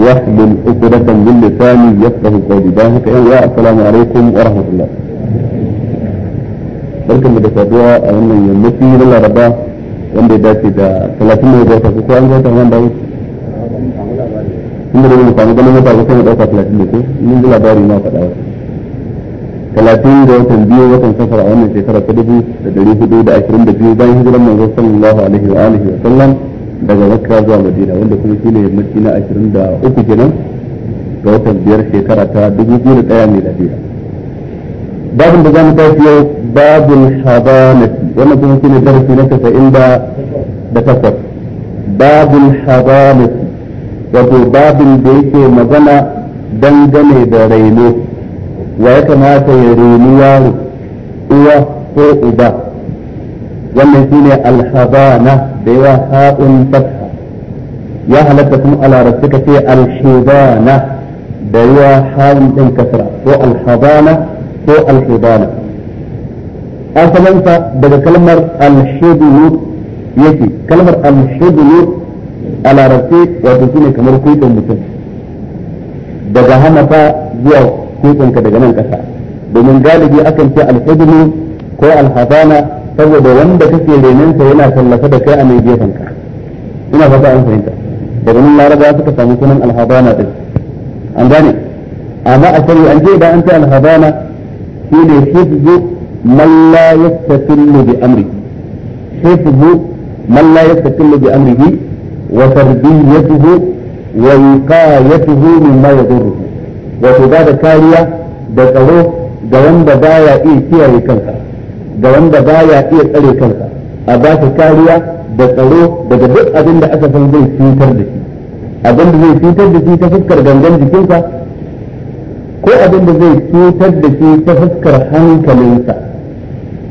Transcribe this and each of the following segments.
واحلل عقدة من لساني يفقه قولي ذلك يا السلام عليكم ورحمة الله barkan mu da saduwa a wannan yammaci na laraba wanda ya dace da talatin da wata ko an zata wanda ya inda da mu samu ganin wata ko sai dauka talatin da labari na faɗa talatin da watan biyu watan safar a wannan shekara ta dubu da dari hudu da ashirin da biyu daga makka zuwa madina wanda kuma shine yammaci na ashirin da uku kenan ga watan biyar shekara ta 2001 miladiya babin da zamu tafi yau babin habanati wannan kuma shine darasi na 98 babin habanati wato babin da yake magana dangane da raino wa ya kamata ya reni yaro uwa ko uba wannan shi ne alhabana da yawa ha'un fatha ya halatta kuma a larabci ka ce alhibana da yawa ha'un din kasra ko alhabana ko alhibana asalinsa daga kalmar alhibnu yake kalmar alhibnu a larabci wato shine kamar kuɗin mutum daga hanafa zuwa kuɗinka daga nan kasa domin galibi akan ce alhibnu ko alhabana saboda wanda kake renansa yana tallafa da kai a mai gefen ka ina fata an fahimta daga nan laraba suka samu sunan alhabana din an gane amma a sani an je da an ce alhabana shi ne hifzu man la yastaqillu bi amri hifzu man la yastaqillu bi amrihi wa tarbiyatuhu wa wiqayatuhu mimma yadurruhu wato ba da kariya da tsaro ga wanda baya iya kiyaye kansa ga wanda baya iya tsare kansa a ba shi kariya da tsaro daga duk abin da aka san zai cutar da shi abin da zai cutar da shi ta fuskar gangan jikinsa ko abin da zai cutar da shi ta fuskar hankalinsa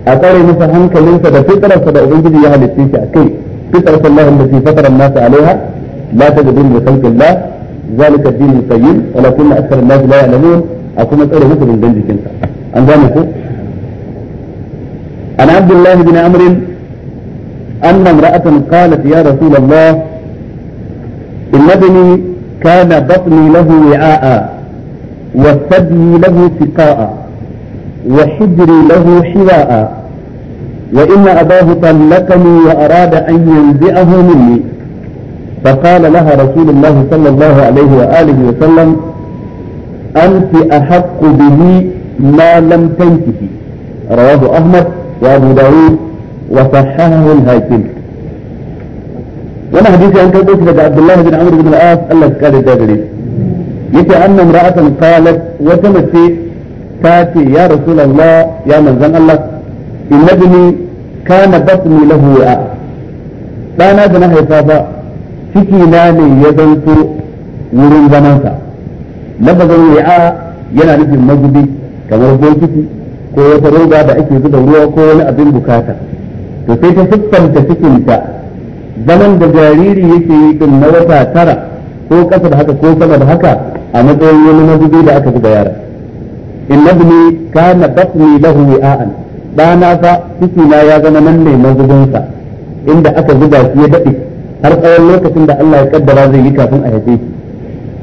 a tsare masa hankalinsa da fitararsa da ubangiji ya halitta shi a kai fitararsa Allahun da fi fataran nasa alaiha la ta gudun da sauƙin la zalika dinin sayyin walakin na aksar nasu la ya lamun a kuma tsare masa gangan jikinsa an gane ko عن عبد الله بن عمرو أن امرأة قالت يا رسول الله إن ابني كان بطني له وعاء وثدي له سقاء وحجري له حواء وإن أباه طلقني وأراد أن ينزعه مني فقال لها رسول الله صلى الله عليه وآله وسلم أنت أحق به ما لم تنكحي رواه أحمد وابو داود وصححه الهيثم وانا حديثي عن كتبت عبد الله بن عمرو بن العاص الله قال الدابري yace anna imra'atan qalat wata mace ta ce ya rasulullah ya manzon Allah inna bini kana batni lahu wa'a dana da na haifa ba ciki na ne ya zanto wurin zamansa lafazin wa'a yana nufin mazubi kamar bokiti ko wata roba da ake zuba ruwa ko wani abin bukata to sai ta siffanta cikinta zaman da jariri yake yi din na wata tara ko kasa da haka ko sama da haka a matsayin wani mazubi da aka zuba yara in nabni kana batni lahu wi'an dana fa cikina ya zama nan mai mazubinsa inda aka zuba shi ya daɗi har tsawon lokacin da Allah ya kaddara zai yi kafin a haife shi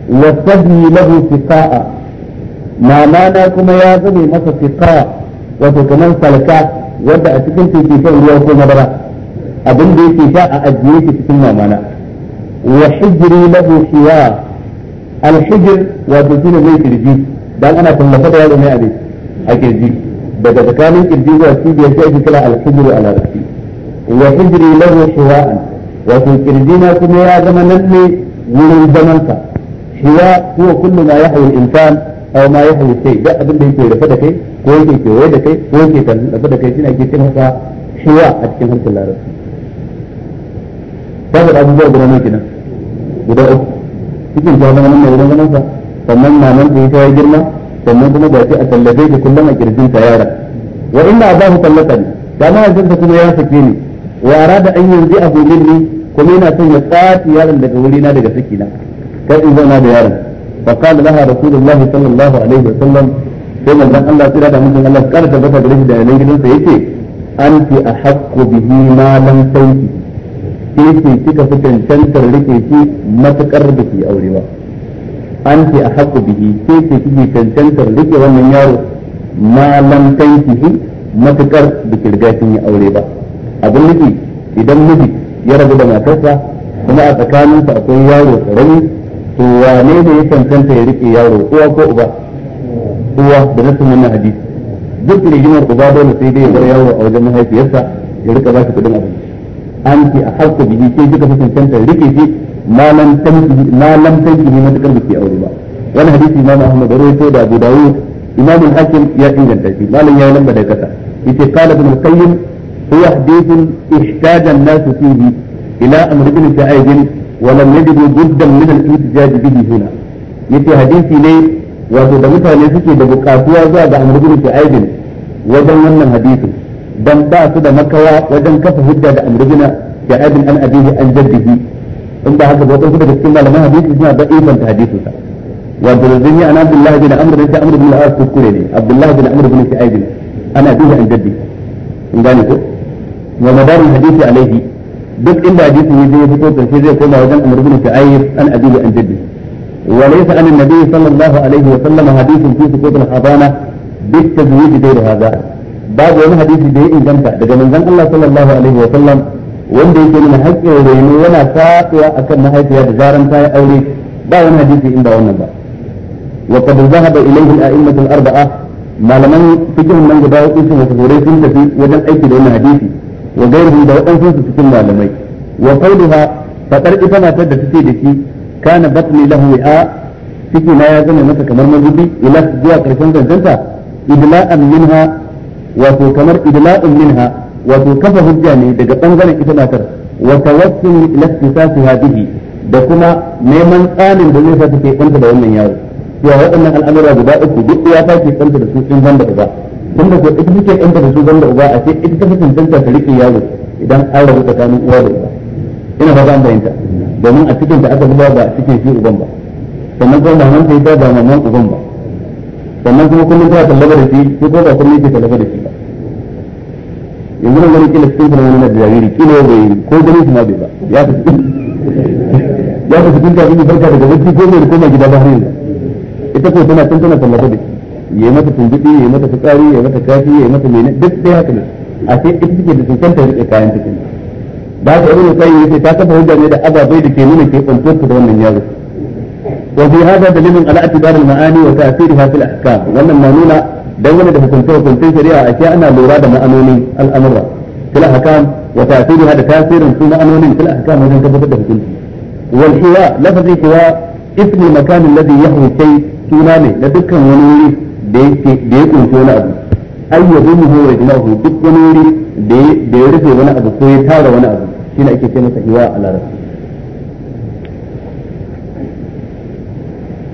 wa tadni lahu fisa'a mama na kuma ya zame masa fisa'a wato kamar salka wanda a cikin ke shan ruwa ko madara abin da yake sha a ajiye shi cikin mamana wa hijri lahu shiwa alhijir wato shine mai kirji dan ana tallafa da yaro mai abin a kirji daga tsakanin kirji zuwa cibiyar sai ake kira alhijru ala rafi wa hijri lahu shiwa'an wato kirji na kuma ya zama nan ne wurin zamansa shiwa huwa kullu ma yahwi al-insan aw ma ya halittai da abin da yake rufe da kai ko yake kewaye da kai ko yake rufe da kai shine ake cin haka shiwa a cikin hancin larabci ta da abubuwa guda ne kenan guda uku cikin ta nan mai wurin zaman sa sannan nan ta yi ta girma sannan kuma ba shi a tallafe da kullum a kirjin ta yara wa inna abahu ne da a yanzu kuma ya sake ni wa arada an yanzu a abu ne kuma yana son ya tsati yaron daga wurina daga sakina kar in zauna da yaron فقال لها رسول الله صلى الله عليه وسلم sai manzon Allah tsira da mutum Allah kar da baka gare da yanan gidansa yace anti ahaqqu bihi ma lam tawti kika fi cancantar rike shi matakar da ke aure ba anti ahaqqu bihi yace kike cancantar rike wannan yaro ma lam abin nufi idan miji ya rabu da matarsa kuma a tsakaninsa akwai yaro karami to wane da ya cancanta ya rike yaro uwa ko uba uwa da nasu wannan hadisi duk rigimar uba dole sai dai ya bar yaro a wajen mahaifiyarsa ya rika ba shi kudin abinci an ce a harka bihi sai duka fi cancanta rike shi ma lam tanki ne lam da ke aure ba wani hadisi imam ahmad rawaito da abu dawud imam al-hakim ya inganta shi malam ya lamba da kasa yace qala ibn al-qayyim huwa hadithun ihtaja an-nas ila amr ibn sa'id ولم يجدوا بدا من الاحتجاج به هنا yace hadisi ne wato da mutane suke daga bukatuwa zuwa ga Amr ibn aibin wajen wannan hadisin dan ba su da makawa wajen kafa hujja da Amr ibn aibin an abihi an jaddihi in ba haka ba wadansu daga cikin malaman hadisi suna da ifan ta hadisin sa wato da zan yi an Abdullah bin Amr bin Amr bin al kuskure ne Abdullah bin Amr bin Shu'aib ana abihi an jaddihi in gane ko wa madarul hadisi alaihi duk inda hadisi ya je fito karshe zai koma wajen Umar bin Sa'id an abi an jaddi wa laysa an annabi sallallahu alaihi wa sallam hadithun fi sukut al-hadana bi tajwid ghayr hadha babu wani hadisi da ya inganta daga manzon Allah sallallahu alaihi wa sallam wanda yake nuna haƙƙin reno yana faɗuwa akan mahaifiya da zaran ta yi aure ba wani hadisi in ba wannan ba wa qad dhahaba ilayhi al aimmatu al-arba'a malaman fiqh nan guda uku sun tafi wajen aiki da wannan hadisi wa gairihim da waɗansu su cikin malamai wa qawluha fadar ita matar da take da shi kana batni lahu wa'a ciki na ya zama masa kamar mazubi ila zuwa karshen zancanta idla'an minha wato kamar idla'un minha wato kafa hujja ne daga bangaren ita matar wa tawassul ila istisasiha bihi da kuma neman tsamin da zai sa take kanta da wannan yaro cewa waɗannan al'amura guda uku duk ya face kanta da su in ban da uba tun da ita take kanta da su banda uba a ce ita take tantanta ta rike yaro idan an rabu tsakanin uwa da uba ina ba zan bayyana domin a cikin da aka zuba ba a cikin shi uban ba sannan kuma maman ta ita ba maman uban ba sannan kuma kullum ta tallaba da shi ko ba kullum yake tallaba da shi ba yanzu nan wani kila cikin kuma wani da jariri kila yau bai ko ganin shi ma bai ba ya fi ya ta cikin kafin ya farka daga bacci ko bai koma gida ba har yanzu ita ko tana tantana tallaba da shi ya mata tundubi ya mata fitsari ya mata kafi ya mata mene duk dai haka ne a sai ita take da tsinkan ta rike kayan cikin da haka ibnu qayyim yace ta kafa hujja ne da ababai da ke nuna ke kwantar da wannan yaro wa fi hada dalilin ala atibar al ma'ani wa ta'siriha fil ahkam wannan na nuna dangane da hukunce hukuncen shari'a a ana lura da ma'anonin al'amura fil ahkam wa ta'siriha da tasirin su ma'anonin fil ahkam wajen tabbatar da hukunci wal hiwa lafazin hiwa ismi makan alladhi yahwi shay sunane da dukkan wani wuri da yake da ya kunshi wani abu ai ya zama ho ya jima duk wani wuri da ya rufe wani abu ko ya tara wani abu shine ake ce masa hiwa a larabci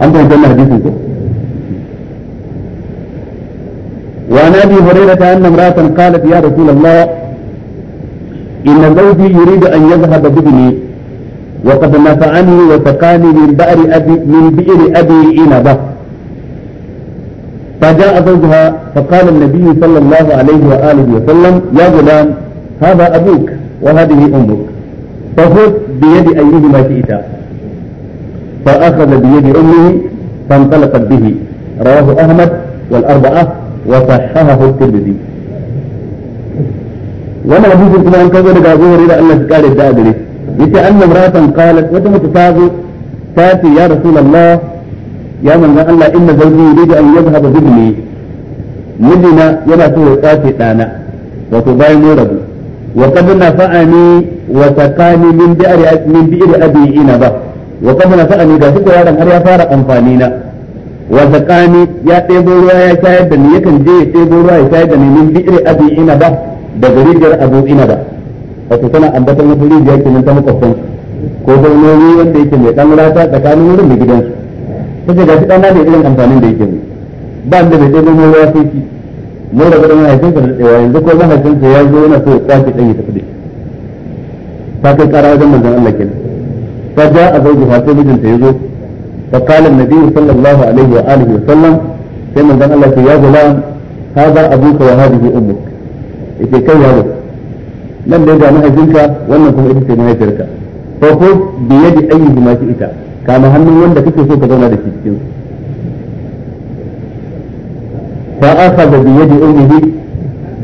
an fahimta na hadisin ko وعن ابي هريره ان امراه قالت يا رسول الله ان زوجي يريد ان يذهب بابني وقد نفعني وسقاني من بئر ابي من بئر ابي عنبه فجاء زوجها فقال النبي صلى الله عليه وآله وسلم يا غلام هذا أبوك وهذه أمك فخذ بيد أيهما شئت فأخذ بيد أمه فانطلقت به رواه أحمد والأربعة وصححه الترمذي وما hadisin كما أن kawo daga Abu Hurairah Allah ya kare da adare yace annam ratan qalat wata mace ya manzan Allah inna zawji yuridu an yadhhaba bi ibni mijina yana so ya tsafe dana wato bayan mu rabu wa qad nafa'ani wa taqani min bi'ri min bi'ri abi inaba wa qad nafa'ani ga duka yaron har ya fara amfani na wa taqani ya ɗebo ruwa ya shayar da ni yakan je ya ɗebo ruwa ya shayar da ni min bi'ri abi inaba daga rijiyar abu ba wato tana ambatar wata rijiya kenan ta makwabtansu ko gwamnoni wanda yake mai ɗan rata tsakanin wurin da gidansu kace ga shi dana da irin amfanin da yake ba da bai dai mun ruwa sai shi mun da kudin mahaifin ka da tsewa yanzu ko mahaifin ka ya zo yana so ya kwace dan ya tafi da ta kai kara wajen manzon Allah kenan fa ja a zauji fa sai mijinta ya zo fa qala an-nabi sallallahu alaihi wa alihi wa sallam sai manzon Allah ya ce ya gulam hada abuka wa hadihi ummuk yake kai yaro nan dai ga mahaifinka wannan kuma ita ce mahaifiyarka fa ko biyadi ayyuhuma ita kama hannun wanda kake so ka zauna da shi cikin fa akhadha bi yadi ummihi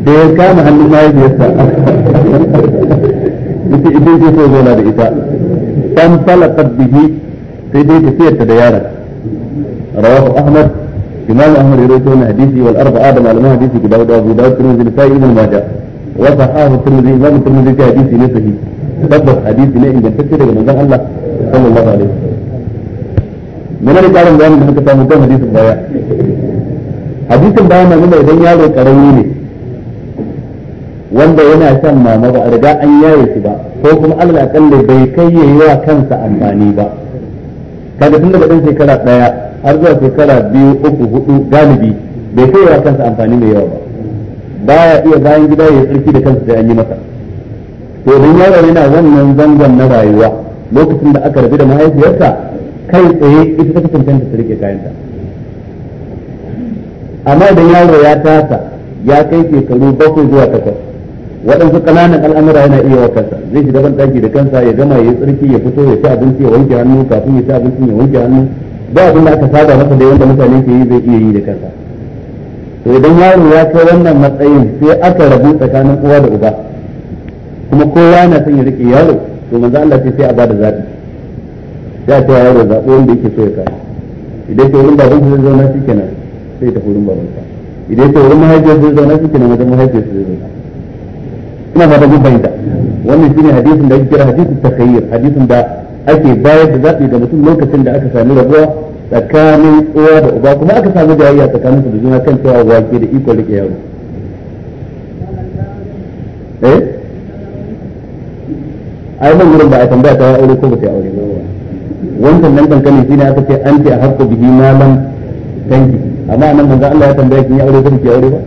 da ya kama hannun mahaifiyarsa ita idan ke so zauna da ita fan falaqat bihi sai dai tafiyarta da yaron rawahu ahmad imam ahmad yarwaito wannan hadisi wal arba'a da malaman hadisi guda da abu da kuma da sa'i ibn majah wa sahahu tirmidhi imam tirmidhi hadisi ne sahihi tabbas hadisi ne ingantacce daga manzon Allah sallallahu alaihi wasallam Muna da karin bayanin da muka samu kan hadisin baya hadisin baya na nuna idan yaro karami ne wanda yana shan mama ba a riga an yaye shi ba ko kuma Allah kalle bai kai yi wa kansa amfani ba kaga tun daga dan shekara daya har zuwa shekara biyu uku hudu galibi bai kai wa kansa amfani mai yawa ba baya iya bayan gida ya tsarki da kansa da an yi masa to idan yaro yana wannan zangon na rayuwa lokacin da aka rabu da mahaifiyarsa kai tsaye ita ta kusan ta rike kayanta amma idan yaro ya tasa ya kai shekaru bakwai zuwa takwas waɗansu ƙananan al'amura yana iya wa kansa zai shiga ban ɗaki da kansa ya gama ya yi tsarki ya fito ya ci abinci ya wanke hannu kafin ya ci abinci ya wanke hannu ba abin da aka saba masa da yadda mutane ke yi zai iya yi da kansa to idan yaro ya kai wannan matsayin sai aka rabu tsakanin uwa da uba kuma kowa na son ya rike yaro to manzo Allah sai sai a bada zaɓi. ya ce ya da zaɓi wanda yake so ya kai idan ke wurin babansa zai zauna shi kenan sai ta wurin babansa idan ke wurin mahaifiyar zai zauna shi kenan wajen mahaifiyar zai zauna ina ba da mun fahimta wannan shine hadisin da ake kira hadisin takhayyur hadisin da ake bayar da zaɓi ga mutum lokacin da aka sami rabuwa tsakanin uwa da uba kuma aka sami jayayya tsakanin su da juna kan cewa ke da iko rike yaro eh ai mun gurin ba a tambaya ta aure ko ba ta aure ba wancan nan dankalin shine aka ce anti a hakku bihi malam tanki amma nan manzo Allah ya tambaye kin ya aure ki aure ba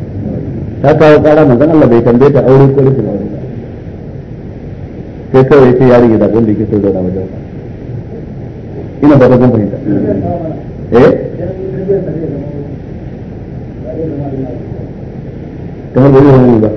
ta kawo kara manzo Allah bai tambaye ta aure ko ki aure ba sai kawai sai yarin ya zaɓi wanda yake so zauna wajen sa ina ba ta zan fahimta eh kamar da yau ba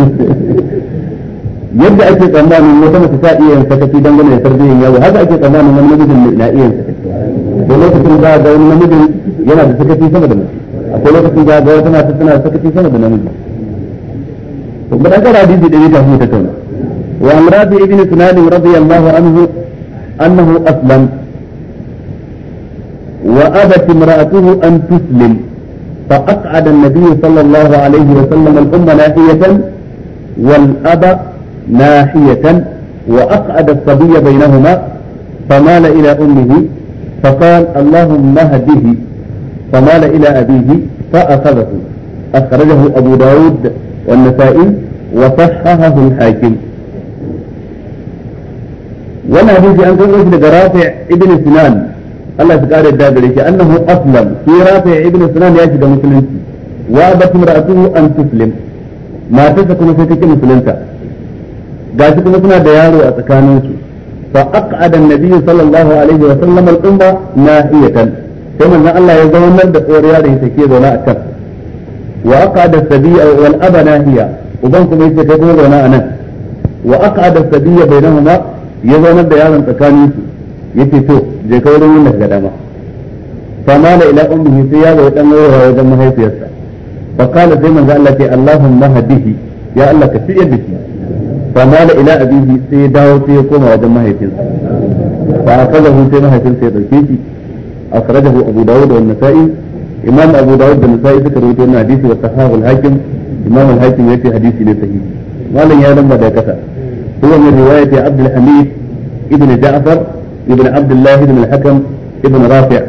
yadda ake tsammanin wata mace ta iya yin sakaci dangane da tarbiyyar yawo haka ake tsammanin wani namijin na iya yin sakaci da lokacin za ga wani namijin yana da sakaci sama da mace akwai lokacin za ga wata mace tana sakaci sama da namiji to ba dan kada hadisi da ne kafin ta kauna wa amrabi ibn sunan radiyallahu anhu annahu aslam wa abat imra'atuhu an tuslim فأقعد النبي صلى الله عليه وسلم الأمة نائية والأب ناحية وأقعد الصبي بينهما فمال إلى أمه فقال اللهم اهده فمال إلى أبيه فأخذه أخرجه أبو داود والنسائي وصححه الحاكم وما أريد أن تقول لك رافع ابن سنان الله تعالى الدابر أنه أسلم في رافع ابن سنان يجد مسلم وابت امرأته أن تسلم ما تسكن ستك مسلمتا gashi kuma suna da yaro a tsakaninsu fa aqada an-nabiy sallallahu alaihi wa sallam al-qumba nahiyatan sai manzon Allah ya zama zaunar da tsohuwar yaron yake ke zauna a kan wa aqada as-sabiya wal aba nahiya uban kuma yake kai kuma zauna a nan wa aqada as-sabiya bainahuma ya zama da yaron tsakaninsu yace to je ka wurin wannan ga dama fama da ila ummihi sai yaro ya dan wayar wajen mahaifiyarsa fa kala sai manzo Allah ce Allahumma hadihi ya Allah ka tsiyar da shi فمال إلى أبيه سيداو سيقوم وجمع هيتين فأخذه سيما هيتين سيدركيتي أخرجه أبو داود والنسائي إمام أبو داود والنسائي ذكر وجهنا حديثي والصحاب الحاكم إمام الحاكم يأتي حديثي لسهي مالا يا لما داكتا هو من رواية عبد الحميد ابن جعفر ابن عبد الله بن الحكم ابن رافع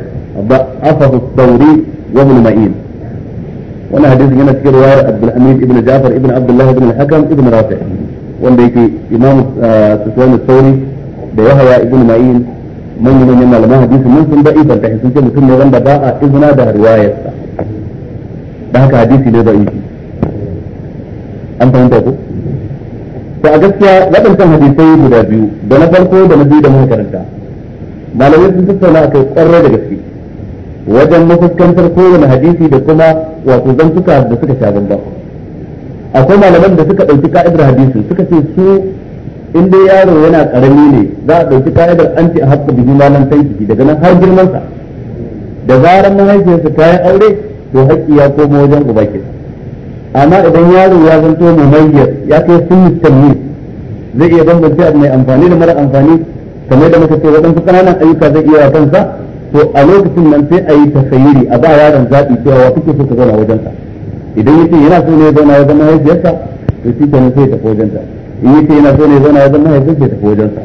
ضعفه الثوري وابن معين وانا حديث هنا في رواية عبد الحميد ابن جعفر ابن عبد الله بن الحكم ابن رافع wanda yake imam uh, sufyan sauri da yahya ibn ma'in manyan manyan malaman hadisi mun sun da ibanta shi sun ce mutum ne wanda ba a izina da sa da haka hadisi ne da ibi an fahimta ku. to a gaskiya waɗancan hadisai guda biyu da na farko da na biyu da muka karanta malamai sun tattauna a kai ƙwarar da gaske wajen mafuskantar kowane hadisi da kuma wato zantuka da suka sha bambam akwai malaman da suka ɗauki ka'idar hadisin suka ce su in dai yaro yana karami ne za a ɗauki ka'idar an ce haƙƙa bihi malan tanki daga nan har girmansa da zarar mahaifiyarsa ta yi aure to haƙƙi ya koma wajen uba ke amma idan yaro ya zanto mumayyar ya kai sunni tamyiz zai iya bambance abu mai amfani da mara amfani kamar da muka ce waɗansu ƙananan ayyuka zai iya kansa to a lokacin nan sai a yi tasayiri a ba yaron zaɓi cewa wa kuke so ka zauna wajensa idan yace yana so ne ya zauna wajen mahaifiyarsa to shi kenan sai ya tafi wajen ta in yace yana so ne ya zauna wajen mahaifiyarsa ya tafi wajen sa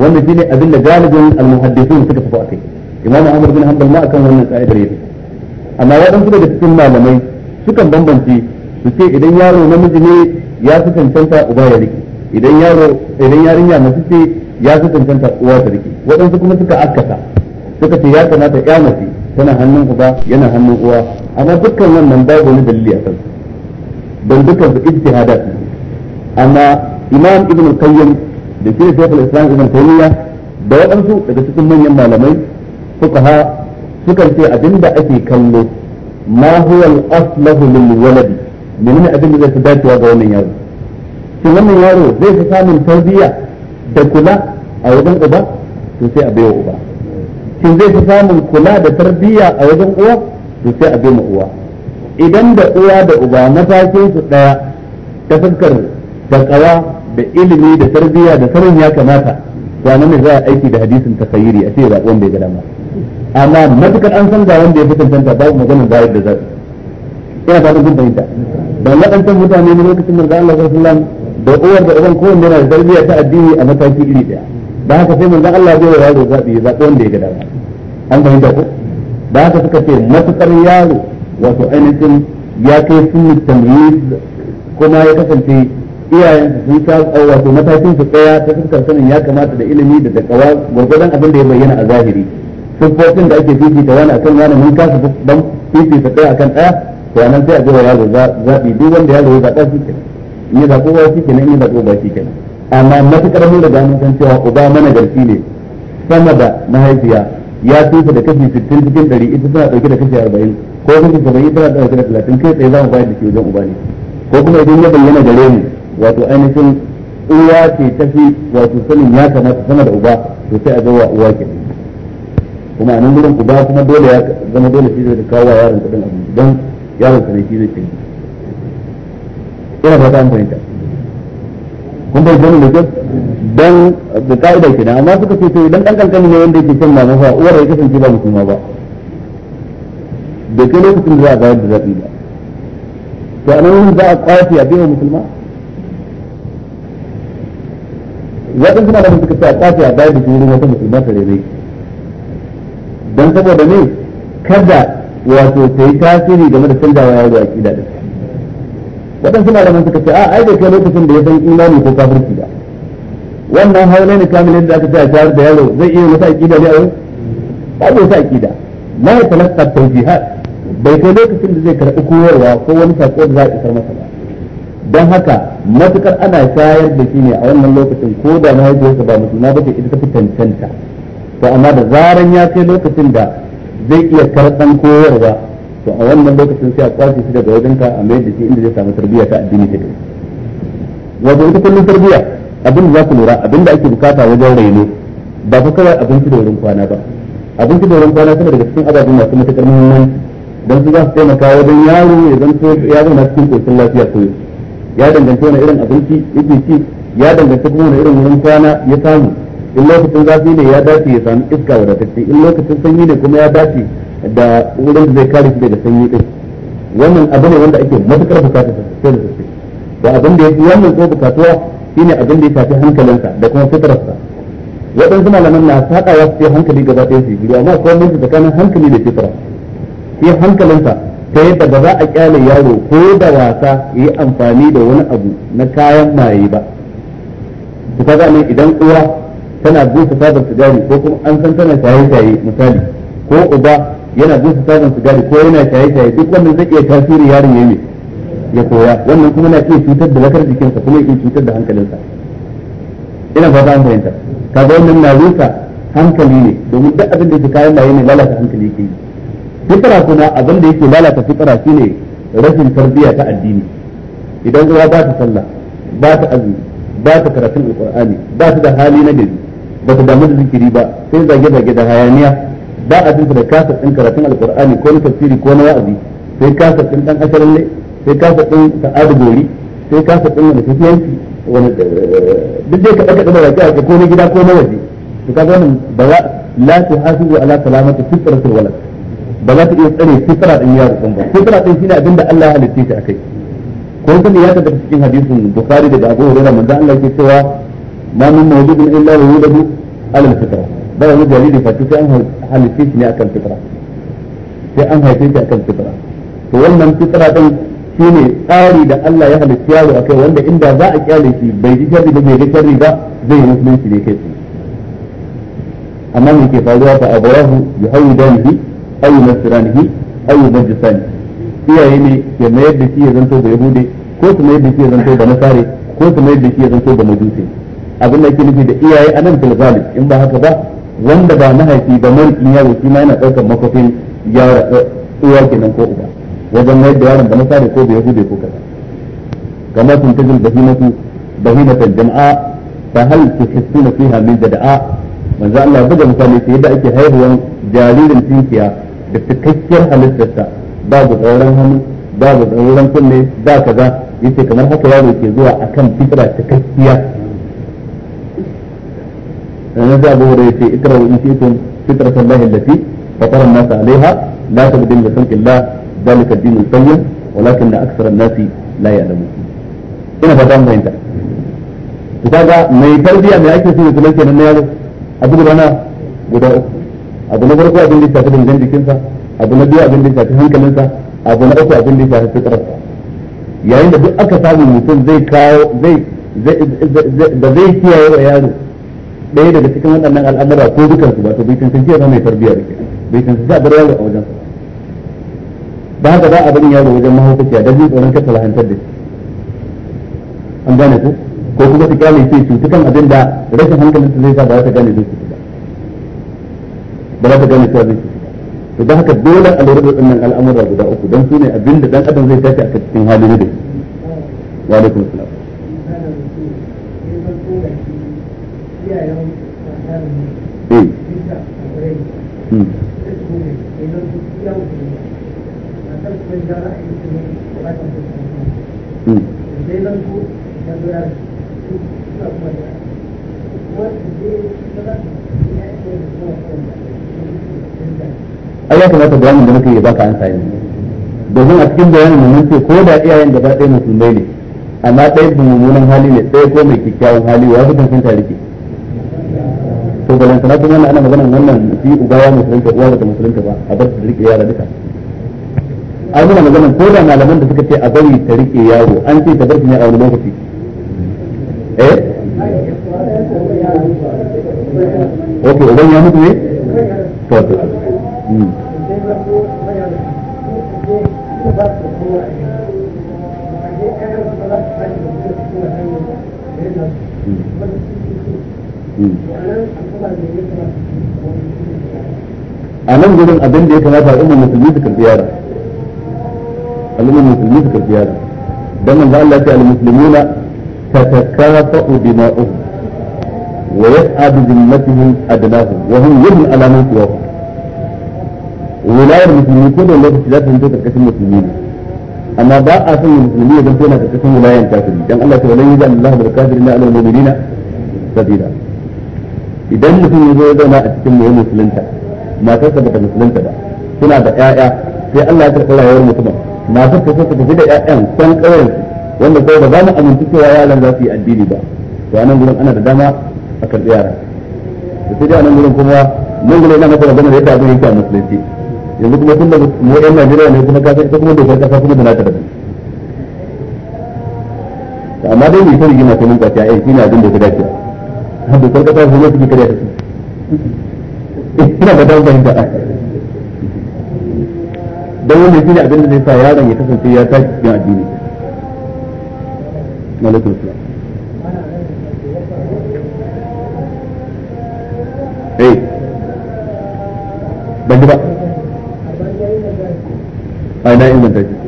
wannan shine abin da galibin almuhaddisun suka tafi akai imamu Ahmad bin Hanbal ma akan wannan ka'idar yake amma waɗansu daga cikin malamai sukan bambance su ce idan yaro namiji ne ya fi cancanta uba ya rike idan yaro idan yarinya mace ce ya fi cancanta uwa ta rike waɗansu kuma suka akkasa suka ce ya kamata ya mace tana hannun uba yana hannun uwa amma dukkan wannan babu wani dalili a kansu don dukkan su ijtihadat amma imam ibn qayyim da shi shaykhul islam ibn taymiya da waɗansu daga cikin manyan malamai fuqaha sukan ce abinda ake kallo ma huwa al-aslahu lil waladi menene abin da zai fi dacewa ga wannan yaro shin wannan yaro zai fi samun tarbiyya da kula a wajen uba to sai a baiwa uba shin zai fi samun kula da tarbiyya a wajen uwa to sai a ma uwa idan da uwa da uba matakin su daya ta fuskar kawa da ilimi da tarbiyya da sanin ya kamata to anan ne za a aiki da hadisin tasayyiri a ce ba wanda ya ga dama amma matukar an san ga wanda ya fi tantanta babu maganar zayar da zai. ina fatan kun fahimta don waɗancan mutane ne lokacin manzo Allah sallallahu alaihi wasallam da uwar da uban kowanne yana da tarbiyya ta addini a mataki iri daya ba haka sai manzon Allah zai yaro zabi ya zabi wanda ya ga dama an fahimta ko ba haka suka ce matukar yaro wato ainihin ya kai sun tamyiz kuma ya kasance iyayen su sun sa wato matakin su tsaya ta fuskar sanin ya kamata da ilimi da takawa gwargwadon abin da ya bayyana a zahiri siffofin da ake fifita wani akan wani mun kasa dan fifita tsaya akan tsaya to anan sai a ga yaro zabi duk wanda yaro ya zaɓa shi kenan in ya zaɓo ba shi kenan in ya zaɓo ba shi kenan amma matukar mun da ganin san cewa uba mana garfi ne sama da mahaifiya ya tusa da kashi sittin cikin dari ita tana dauke da kashi arba'in ko kashi ita tana dauke da talatin kai tsaye za mu bayar da shi wajen uba ne ko kuma idan ya bayyana gare mu wato ainihin uwa ce tafi wato sanin ya kamata sama da uba to sai a ga uwa ke kuma a nan gudun uba kuma dole ya zama dole shi zai kawo yaron kudin abinci don yaron sa ne shi zai ce ina fata fahimta kun bai gani da kyau don da ka'idar kenan amma suka ce to idan dan kankanin ne wanda yake kan mama fa uwar ya kasance ba musulma ba da kai lokacin da za a bayar da zaɓi ba to a nan za a kwace a biyan musulma waɗansu na da suka ce a kwace a bayar da shi wurin wata musulma ta rere don saboda ne kada wato ta yi tasiri game da canjawa yaro a ƙida ɗin waɗansu malaman suka ce a ai bai kai lokacin da ya san imani ko kafirci ba wannan haulai ne kamilin da aka ce a shahar da yaro zai iya wata aƙida ne a yau ba zai wata aƙida na ya talaka tauhihar bai kai lokacin da zai karɓi koyarwa ko wani sako da za a isar masa ba don haka matukar ana shayar da shi ne a wannan lokacin ko da mahaifiyarsa ba musulma ba ce ita ta fi cancanta to amma da zaran ya kai lokacin da zai iya karɓan koyarwa to a wannan lokacin sai a kwashe shi daga wajen ka a mai da shi inda zai samu tarbiyya ta addini ta dai wato ita kullum tarbiyya abin da za ku lura abin da ake bukata wajen raino ba fa kawai abinci da wurin kwana ba abinci da wurin kwana suna daga cikin ababen masu matuƙar muhimmanci don su za su taimaka wajen yaro ya zanto ya zama cikin ƙoshin lafiya koyo ya danganta wani irin abinci yake ci ya danganta kuma wani irin wurin kwana ya samu in lokacin zafi ne ya dace ya samu iska wadatacce in lokacin sanyi ne kuma ya dace da wurin da zai kare shi daga sanyi din wannan abu ne wanda ake matukar bukata sai da sosai da abin da fi wannan ko bukatuwa shine abin da ya shafi hankalinsa da kuma fitararsa waɗansu malaman na saƙawa su ce hankali gaba ɗaya su yi amma ko mun tsakanin hankali da fitara shi hankalinsa ta yadda ba za a kyale yaro ko da wasa ya yi amfani da wani abu na kayan maye ba su kaga nan idan uwa tana busa sabar sigari ko kuma an san tana shaye-shaye misali ko uba yana bin sabon sigari ko yana shaye shaye duk wannan zai iya tasiri yaron yayi ya koya wannan kuma na iya cutar da lakar jikinsa kuma iya cutar da hankalinsa ina fata an fahimta kaga wannan na rusa hankali ne domin duk abin da ke kayan maye ne lalata hankali yake yi fitara kuma abin da yake lalata fitara shine rashin tarbiyya ta addini idan uwa ba ta sallah ba ta azumi ba ta karatun alqur'ani ba ta da hali na gari ba ta damu da zikiri ba sai zage zage da hayaniya ba a jinsa da kasar ɗin karatun alkur'ani ko na tafsiri ko na wa'azi sai kasar ɗin ɗan ashirin ne sai kasar ɗin sa'adu gori sai kasar ɗin wani tafiyanci wani eh, duk dai kaɗa kaɗa da raƙi a ko na gida ko na waje to kaga wannan ba za la ta hasibu ala salamati fitratul walad ba za ta iya tsare fitra ɗin yaro kan ba fitra ɗin shine abinda Allah ya halitta shi akai ko kuma ya tabbata cikin hadisin bukhari daga abu hurairah manzo Allah yake cewa ma min mawjudin illa wa yuladu ala al-fitra ba wani jariri fa sai an halitta shi ne akan fitra sai an haife shi akan fitra to wannan fitra din shine tsari da Allah ya halitta yaro akai wanda inda za a kyale shi bai ji sharri ba bai ji sharri ba zai yi musulunci ne kai amma me ke faruwa fa abawahu yuhawidanihi ayu yunasiranihi ayu yunajjisani iyaye ne ya mayar da shi ya zanto da yahude ko su mayar da shi ya zanto da nasare ko su mayar da shi ya zanto da majusi abin da ke nufi da iyaye anan filzalik in ba haka ba wanda ba mahaifi ba marikin yaro shi ma yana ɗaukar makwafin yaro eh, uwa kenan ko uba wajen mayar da yaron da masare ko da yahude ko kaza kama sun tajil bahimatu bahimatan jama'a fa hal tuhissuna fiha min jada'a manzo Allah buga misali sai yadda ake haihuwan jaririn tinkiya da cikakkiyar halittarsa babu tsauran hannu babu tsauran kunne ba kaza yace kamar haka yaro ke zuwa akan fitra cikakkiya فنادى أبو هريرة اقرأوا إن شئتم فطرة الله التي فطر الناس عليها لا تبدل لخلق الله ذلك الدين القيم ولكن أكثر الناس لا يعلمون ina fata mun fahimta to kaga mai tarbiya mai ake so ya kula kenan yaro abu guda na guda uku abu na farko abin da ya shafi dangan jikinsa abu na biyu abin da ya shafi hankalinsa abu na uku abin da ya shafi fitrarsa yayin da duk aka samu mutum zai kawo zai da zai kiyaye wa yaro ɗaya daga cikin waɗannan al'amura ko dukansu ba to bai cancanci ya mai tarbiyya da kenan bai cancanci a bar yaro a wajen ba haka ba a bar yaro wajen mahaukaciya don jin tsoron kasa lahantar da shi an gane ku ko kuma su kyale ce cutukan abin da rashin hankalin su zai sa ba za ta gane zai cutu ba ba za ta gane cewa zai cutu to haka dole a lura da waɗannan al'amura guda uku don su ne abin da ɗan adam zai tashi a cikin hali ne da shi wa alaikum salam ai ya kamata bayanin da muka yi baka an sayi domin a cikin bayanin da mun ko da iyayen gaba ɗaya musulmai ne amma ɗaya mummunan hali ne ɗaya ko mai kyakkyawan hali wa fi tantance rike to ba sana kuma wannan ana magana wannan fi uba ya musulun ta uwa da musulun ta ba a bar ta rike yara duka ai muna magana ko da malaman da suka ce a bari ta rike yaro an ce ta bar ta ne a wani lokaci eh okay uban ya mutu ne to to hmm. a nan gurin abin da ya kamata al'ummar musulmi su karbi yara al'ummar musulmi su karbi yara dan manzo Allah ta al-muslimuna tatakafa'u dima'uhum wa yas'adu zimmatuhum adnahum wa hum yum ala man siwahum wilayar musulmi ko da lokaci za ta zanto karkashin musulmi ne amma ba a son musulmi ya zanto na karkashin wilayan kafiri dan Allah ta walayyi da Allah bil kafirina ala al-mu'minina sabila idan mutum ya zo ya zauna a cikin mai musulunta sa bata musulunta ba suna da ƴaƴa sai Allah ya karɓi rayuwar mutumin matar ta ta tafi da ƴaƴan san kawai wanda kawai ba za mu amince cewa yaran za su yi addini ba to anan gurin ana da dama a karɓi yara da sai dai anan gurin kuma nan gurin yana masa magana da yadda abin yake a musulunci yanzu kuma tun da mu ƴan Najeriya ne kuma kasa ita kuma dokar kasa kuma da nata da amma dai mai ta rigima ta mun kwaciya ai shine abin da ta dace har dokar kasa su zai suke karya da su ina da dan fahimta dan wannan shine abin da zai sa yaron ya kasance ya tashi cikin addini alaikum salam eh ban ji ba a ina inganta shi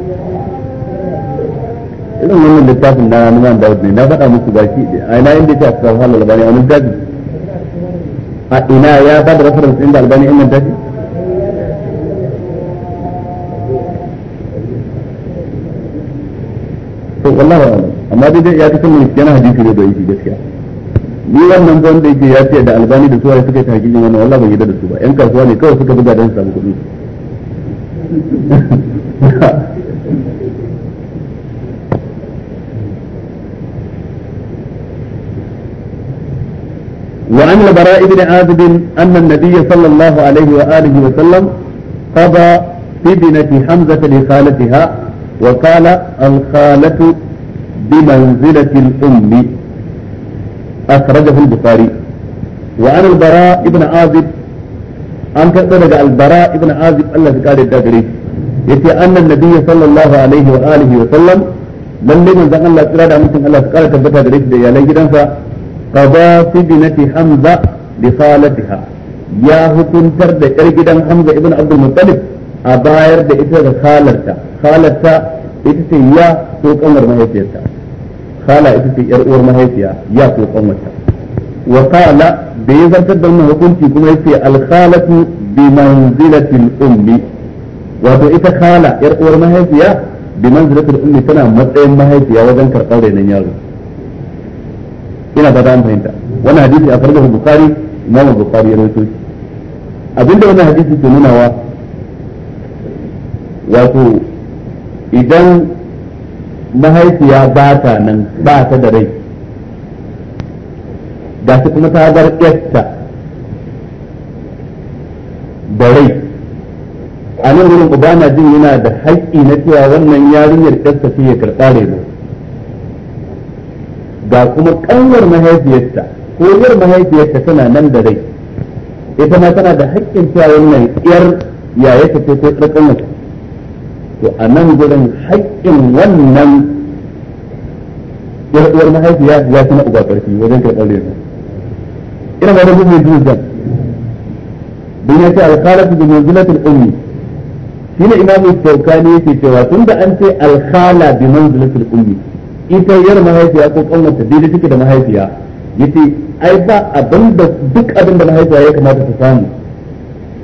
irin wannan littafin na na man dawud ne na faɗa muku baki a ina inda ta a cikin halal albani a littafi a ina ya ba da reference inda albani in nan to wallahi amma dai dai ya ta san yana hadisi ne da yake gaskiya ni wannan ban da yake ya ce da albani da suwa suka yi tahqiqin wannan wallahi ban yadda da su ba yan kasuwa ne kawai suka buga dan su samu kuɗi وعن البراء بن عازب أن النبي صلى الله عليه وآله وسلم قضى ابنة حمزة لخالتها وقال الخالة بمنزلة الأم أخرجه البخاري وعن البراء بن عازب أن تقبل البراء بن عازب الله قال الدادري يتي أن النبي صلى الله عليه وآله وسلم لم يكن ذا الله قرأ أن الله قال تبتها دريك دي عليه جدنسا qada sibinati hamza bi salatiha ya hukuntar da yar gidan hamza ibn abdul muttalib a bayar da ita da khalarta ita ce ya ko mahaifiyarta khala ita ce yar uwar mahaifiya ya ko kamarta wa qala bai da wannan hukunci kuma yace al bi manzilati ummi wato ita khala yar uwar mahaifiya bi manzilati ummi tana matsayin mahaifiya wajen karɓar renon yaro ina ba an fahimta wannan hadisi a farkon bukari imamu bukari ya rawaito shi abinda wannan hadisi ke wa wato idan mahaifiya ba ta nan ba ta da rai ga su kuma ta bar yarta da rai a nan wurin ubana jin yana da haƙƙi na cewa wannan yarinyar yarta sai ya karɓa ba. ga kuma kanwar mahaifiyarta ko yar mahaifiyarta tana nan da rai ita ma tana da haƙƙin cewa wannan yar ya ce ko tsarkan wasu to a nan gurin haƙƙin wannan yar uwar mahaifiya ya fi na uba ƙarfi wajen karɓar rena ina ba da gudu mai zan don ya ce alkhalatu da manzilatul ummi shine imamu shaukani yake cewa tunda an ce alkhala bi manzilatul ummi ita yar mahaifiya ko ta daidai take da mahaifiya yace ai ba abin da duk abin da mahaifiya ya kamata ta samu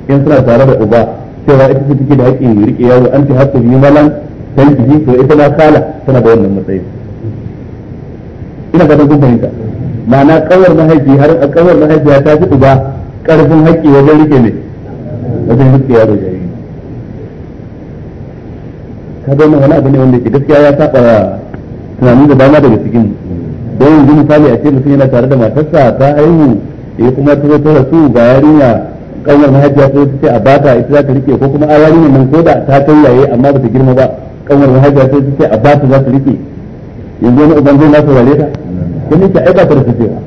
in suna tare da uba cewa ita ce take da haƙƙin rike yaro an ta haƙƙin yi malan tankihi to ita ma kala tana da wannan matsayi ina fatan kun fahimta ma'ana kawar mahaifi har a kawar mahaifiya ta fi uba karfin haƙƙi wajen rike ne wajen rike yaro jariri Ka wannan wani abu ne wanda ke gaskiya ya saba tunanin da dama daga cikin don yanzu misali a ce mutum yana tare da matarsa ta haihu ya eh kuma ta zo ta rasu ga yarinya kaunar mahaifiya ta ce a bata ita za ta rike ko kuma a yarinya nan ko da ta canjaye amma ba ta girma ba kaunar mahaifiya ta ce a bata za ta rike yanzu wani uban zai nasa wale ta ko yake ta aika ta rasu ba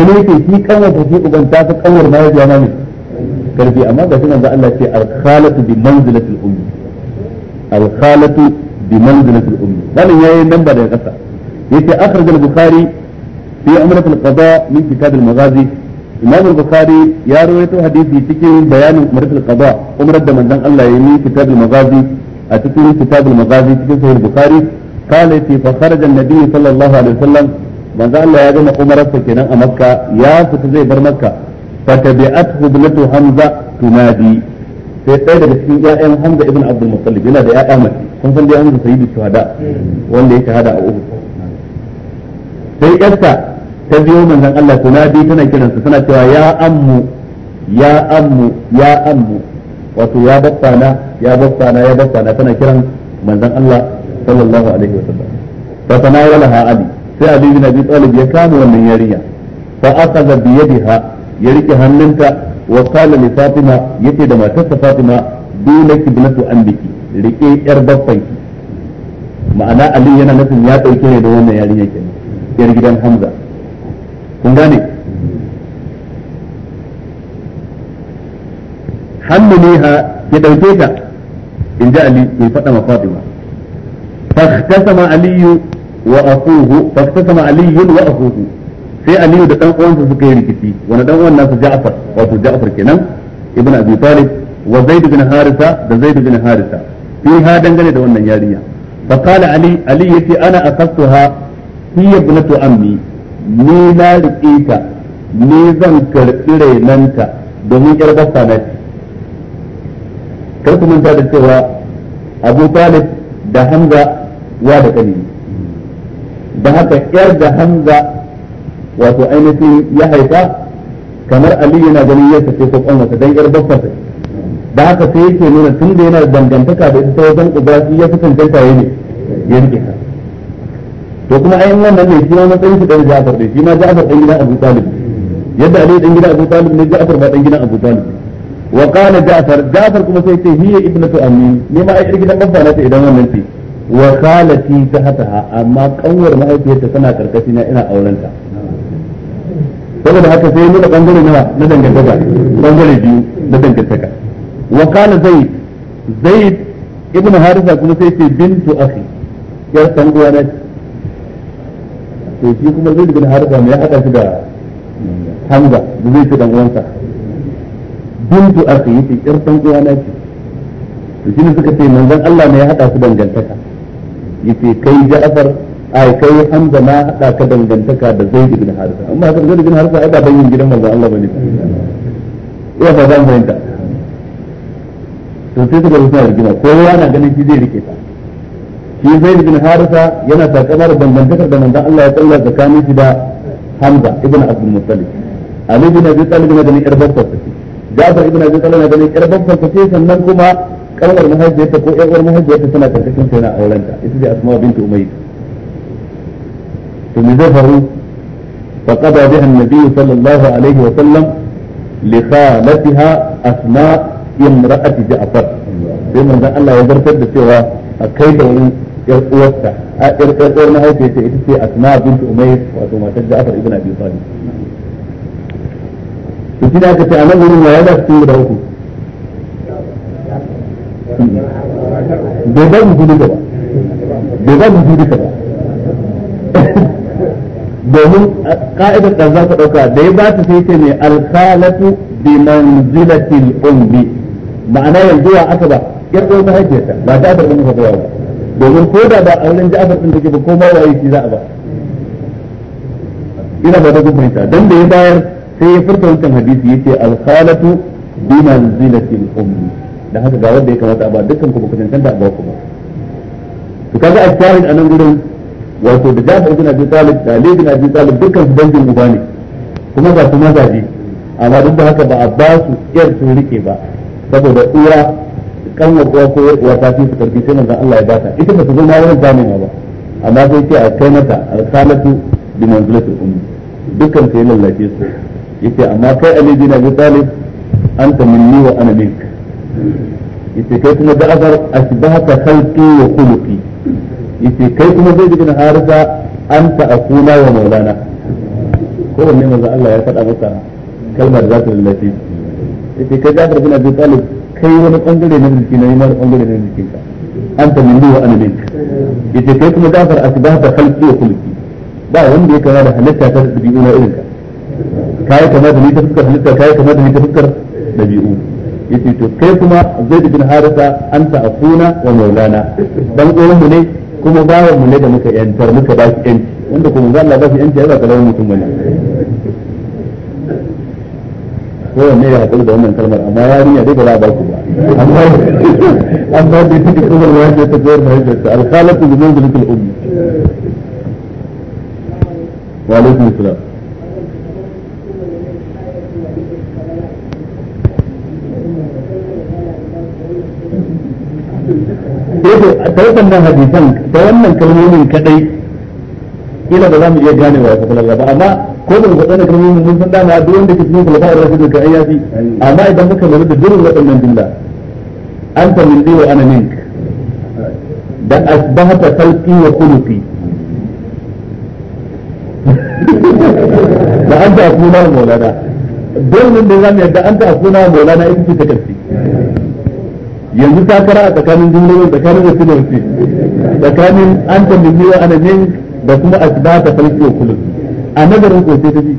ganin yake shi kanwar ta shi uban ta fi kaunar mahajiya ma ne karfi amma ga shi nan za Allah ce al-khalatu bi manzilatil ummi al-khalatu bi manzilatil ummi wannan yayi nan ba daga kasa yace akhraj al-bukhari fi umrat al-qada min kitab al-maghazi imam al-bukhari ya rawaito hadisi cikin bayanin umrat al-qada umrar da manzon Allah yayi min kitab al-maghazi a cikin kitab al-maghazi cikin sahih bukhari kana fi fa kharaja an-nabi sallallahu alaihi wasallam manzon Allah ya gama umararsa kenan a makka ya fita zai bar makka fatabi'athu ibnatu hamza tunadi sai ɗaya daga cikin ƴaƴan Hamza ibn Abdul Muttalib yana da ƴaƴa mace kun san dai Hamza sayyidu shuhada wanda ya hada a Uhud sai ƴarsa ta biyo manzon Allah tunadi tana kiransa tana cewa ya ammu ya ammu ya ammu wato ya baffana ya baffana ya baffana tana kiran manzon Allah sallallahu alaihi wasallam fa ha Ali sai Ali bin Abi Talib ya kama wannan yarinya fa akhadha bi yadiha ya rike hannunta wa qala fatima yace da matarsa fatima dunaki binatu ambiki rike yar babban ma'ana ali yana nufin ya dauke ne da wannan yarinya kenan yar gidan hamza kun gane ha ya dauke in ji faɗa ma fatima علي وأخوه فاختصم علي وأخوه sai aliyu da dan uwansa suka yi rikici wani dan uwan nasa ja'far wato ja'far kenan ibn abi talib wa zaid bin harisa da zaid bin harisa fi ha dangane da wannan yarinya fa qala ali ali yace ana akastuha hiya ibnatu ammi ni na rikita ta ni zan karɓi rainanta domin yar baffa na ce kar ku manta da cewa abu talib da hamza wa da kani da haka yar da hamza wato ainihin ya haifa kamar Ali yana ganin yarsa ce ko kanwarsa dan yar bakkar sa da haka sai yake nuna tun da yana dangantaka da ita ta wajen uba shi ya fi cancanta ya ne ya rike ka to kuma ayin wannan ne shi ma matsayin shi dan Ja'far ne shi ma Ja'far dan gidan Abu Talib yadda Ali dan gidan Abu Talib ne Ja'far ba dan gidan Abu Talib wa qala Ja'far Ja'far kuma sai ce hiya ibnatu ammi ne ma ai gidan babba na ta idan wannan ce wa khalati ta hataha amma kanwar mahaifiyarta tana karkashina ina aurenta saboda haka sai nuna bangare nawa na dangantaka bangare biyu na dangantaka wa kana zaid zaid ibnu harisa kuma sai ce bintu akhi ya san uwa na to shi kuma zaid ibn harisa mai ya hada shi da hamza da zai ce dan uwansa bintu akhi yace yar san uwa na ce to shi ne suka ce manzon Allah ne ya hada su dangantaka yace kai Ja'far ai kai hamza na haɗa ka dangantaka da zaid bin harisa amma haka zaid bin harisa ai ba dangin gidan manzo Allah bane ya ba zan fahimta to sai suka rusa rigima kowa na ganin shi zai rike ta shi zaid bin harisa yana takamar dangantakar da manzo Allah ya tsalla tsakanin shi da hamza ibn abdul muttalib ali bin abi talib na ganin ƴar babbar sa Jafar ibn Abi Talib na ganin yar babbar sa sannan kuma kalmar mahaifiyarta ko ƴar uwar mahaifiyarta tana karkashin sai na aurenta ita ce Asma bintu Umayyah to me faru فقضى بها النبي صلى الله عليه وسلم لخالتها أسماء امرأة جعفر بما أن الله يبركت بسوى أكيد yar uwarta a yar yar uwar mahaifiyarta ita ce asma bint umayr wato matar ja'far ibn abi talib to shi da aka ce anan wurin ya da da uku bai domin ka'idar da za ka ɗauka da ya ba ta sai ce mai alkhalatu bi manzilatil ummi ma'ana yanzu wa aka ba yar uwar mahaifiyarta ba ta da muka kowa ba domin ko da ba a wurin ja'afar din take ba ko ma waye shi za a ba ina ba da gumbaita dan da ya bayar sai ya furta wancan hadisi yace alkhalatu bi manzilatil ummi da haka ga wanda ya kamata a ba dukkan ku ba ku tantance da ba ku ba to kaga a tarihin anan gurin wato da Jafar ibn Abi Talib da Ali ibn Abi Talib dukkan su dangin uba ne kuma ba su mazaje amma duk da haka ba a ba su yar sun rike ba saboda uwa kanwar uwa ko uwa ta fi su karfi sai manzon Allah ya bata ita ba ta zo ma wani zamewa ba amma sai ce a kai mata al-khalatu bi manzilatil ummi dukkan sai lallace su yace amma kai Ali bin Abi Talib anta minni wa ana mink yace kai kuma da azar asbahaka khalqi wa khuluqi yace kai kuma zai bin harisa anta akuna wa maulana kowanne manzo Allah ya faɗa masa kalmar za ta lallace yace kai Jabir bin Abi Talib kai wani bangare na jiki na yimar bangare na jikin ka anta minni wa ana minka yace kai kuma Jafar asbah da khalqi wa kulki ba wanda ya kama da halitta ta dabi'u na irin ka kai kama da ni ta fuskar halitta kai kama da ni ta fuskar dabi'u yace to kai kuma Zaid bin Harisa anta akuna wa maulana dan uwan mu ne kuma bawan mu ne da muka yantar muka ba shi yanci wanda kuma za Allah ba shi yanci ya ba kalmar mutum bane kowanne ya haɗu da wannan kalmar amma yarinya dai ba za a ba ku ba amma amma dai take kuma ya ce ta da al-khalaqu bi nuzulil ummi wa alaikum assalam sai ta waɗannan hadisan ta wannan kalmomin kadai kila ba za mu iya ganewa ya kafa lallaba amma ko da kuɗa da kalmomin mun san dama duk wanda ke cikin kulafa Allah shi ka ayyafi amma idan muka lura da durin waɗannan jumla anta min dai wa ana mink da asbahata khalqi wa khuluqi da anta akuna maulana durin da zamu yadda anta akuna maulana ita ce ta karshe yanzu takara a tsakanin jumlolin tsakanin wasu da wasu tsakanin an tambayi wa anamin da kuma a ta falki wa kulun a nazarin kosai ta bi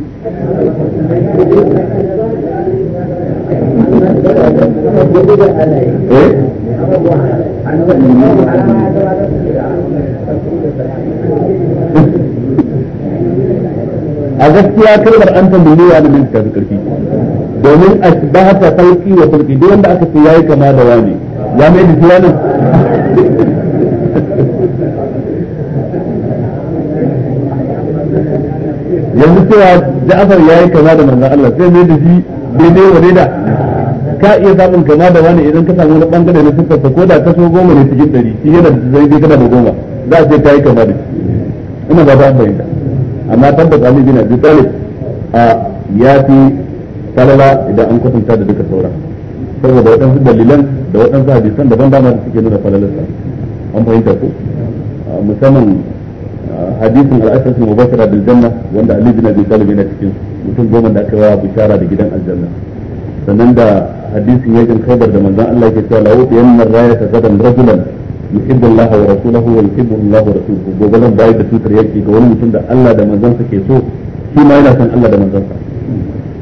eh? a gaskiya kalmar an tambayi wa anamin ta fi karfi domin a ta falki wa kullum duk wanda aka ce yayi kama da wani ya mai da tuwanin yanzu cewa ja'afar ya yi kama da manzan Allah sai mai da shi daidai wa daida ka iya samun kama da wani idan ka samu wani bangare na ta ko da kaso goma ne cikin ɗari shi yana da zai kana da goma za a ce ka yi kama da shi ina ba ta da amma tabbata Ali bin Abi Talib a ya fi falala idan an kwatanta da duka sauran saboda waɗansu dalilan da waɗansu hadisan daban dama da suke nuna falalarsa an fahimta ko musamman hadisin al'ashar mu basara bil janna wanda Ali bin Abi Talib yana cikin mutum goma da aka yawa bishara da gidan aljanna sannan da hadisin yakin kaibar da manzon Allah yake cewa la'u raya ta gadan rajulan yuhibbu Allah wa rasuluhu wa yuhibbu Allah wa rasuluhu gobe zan bayar da tutar yaki ga wani mutum da Allah da manzon sa ke so shi ma yana son Allah da manzon sa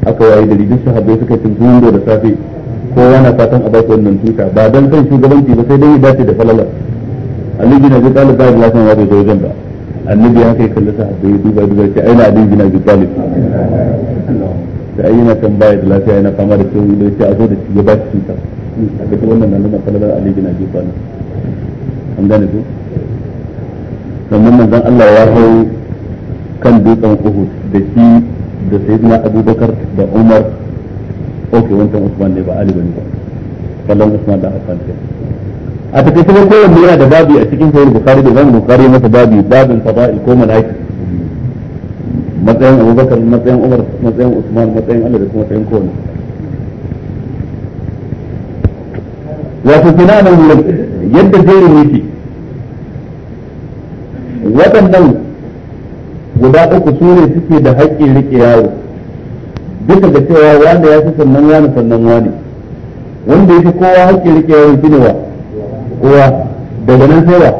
aka waye da rijin sahabbai suka tuntundo da safe ko yana fatan a baki wannan tuta ba dan san shugabanci ba sai dai ya dace da falalar annabi na bi talib ba ya san wani zo wajen ba annabi ya kai kallon sahabbai ya duba duba ce aina din na bi talib da kan bai da lafiya yana fama da ciwon da ya a zo da shi ya ba shi tuta a ga wannan na nuna falalar annabi na bi talib an gane ko sannan manzon Allah ya hau kan dutsen Uhud da shi da Sayyidina Abubakar da Umar ok wancan Usman ne ba Ali bane ba kallon Usman da Affan ne a take kuma kowanne yana da babi a cikin sahih Bukhari da zan Bukhari masa babi babin fada'il ko mala'ika matsayin Abubakar matsayin Umar matsayin Usman matsayin Ali da kuma matsayin kowanne wato kina nan yadda jerin yake waɗannan guda uku su ne suke da haƙƙin riƙe yawo duka da cewa wanda ya fi sannan wani sannan wani wanda ya fi kowa haƙƙi rike yawan shi ne wa uwa daga nan sai wa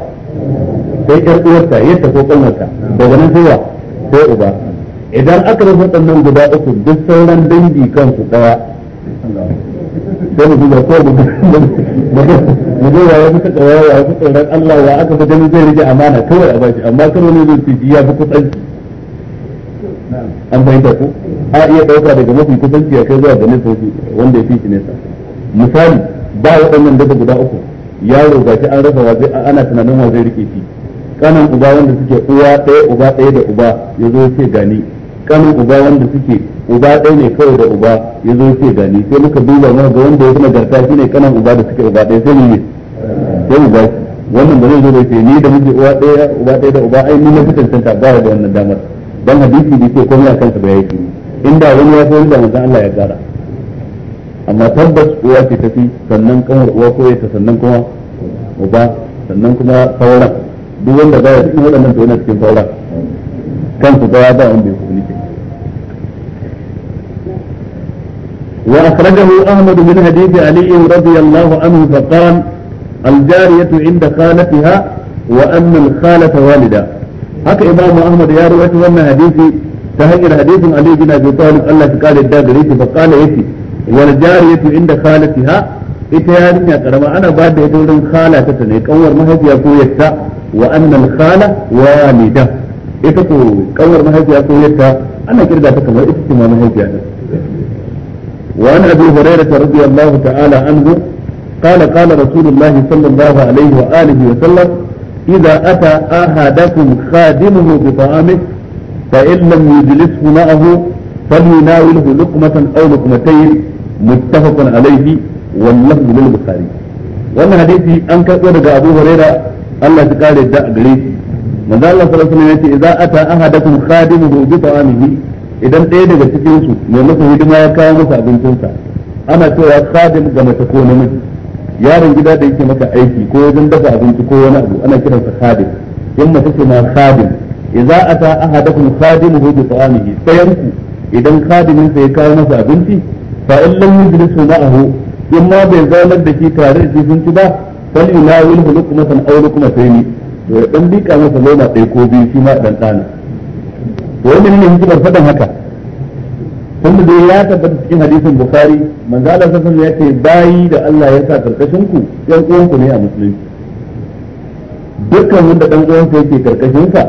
sai ƴar uwarta yadda ko ƙanwarta daga nan sai wa sai uba idan aka rufe sannan guda uku duk sauran dangi kansu ɗaya sai mu duba ko mu duba ya fita tsawaya ya fi tsoron Allah wa aka fi ganin zai rage amana kawai a bashi amma karo ne zai fi ya fi kusanci an fahimta ko a iya dauka daga mafi kusanci ya kai zuwa ga nesa wanda ya fi shi nesa misali ba waɗannan daga guda uku yaro ga shi an rasa wa zai ana tunanin wa zai rike shi kanan uba wanda suke uwa ɗaya uba ɗaya da uba ya zo ce gani kanan uba wanda suke uba ɗaya ne kawai da uba ya zo ce gani sai muka duba mu ga wanda ya kuma garta shi ne kanan uba da suke uba ɗaya sai mu yi sai mu ba wannan ba zai zo bai ce ni da muke uwa ɗaya uba ɗaya da uba ai ni na fi santa ba da wannan damar dan hadisi da ce komai kansa ba ya inda wani ya sayar da manzon Allah ya kara amma tabbas uwa ce tafi sannan kamar uwa ko ya sannan kuma uba sannan kuma sauran duk wanda baya cikin waɗannan to cikin sauran kansu ba ya ba wanda ya kuɗi ke wa akhrajahu ahmad min hadith ali radiyallahu anhu fa qala الجارية عند خالتها وأن khalata walida haka imamu ahmad ya rawaito wannan hadisi ta hanyar hadisin Ali bin Abi Talib Allah ya kare da gare shi fa kana yace wal jariyatu inda khalatiha ita yarinya karama ana ba da ita wurin khala ta ne kanwar mahaifiya ko yatta wa anna al khala walida ita ko kanwar mahaifiya ko yatta ana kirga ta kamar ita ce ma mahaifiya ta wa an abi hurairah radiyallahu ta'ala anhu قال قال رسول الله صلى الله عليه وآله وسلم إذا أتى أحدكم خادمه بطعامه فإن لم يجلسه معه فليناوله لقمة أو لقمتين متفق عليه واللفظ للبخاري wannan hadisi an karɓo daga Abu Huraira Allah ya kare da gare shi manzo Allah sallallahu alaihi wasallam yace idza ata ahadakum khadimuhu bi ta'amihi idan ɗaya daga cikin su mai masa hidima ya kawo masa abincinsa ana cewa khadim ga mace ko namiji yaron gida da yake maka aiki ko wajen dafa abinci ko wani abu ana kiransa khadim in mace ce ma khadim idza ata ahadakum khadimuhu bi ta'amihi sayanku idan khadimin sa ya kawo masa abinci fa in lam yujlisu ma'ahu in ma bai zaunar da shi tare da shi ci ba fal yunawilhu San aw luqmatayn to ya dan bika masa lona sai ko biyu shi ma dan dana to wannan ne hikimar faɗin haka tunda dai ya tabbata cikin hadisin bukhari manzo Allah sallallahu alaihi wasallam ya ce bayi da Allah ya sa karkashin ku yan uwanku ne a musulunci dukkan wanda dan uwansa yake karkashin ka.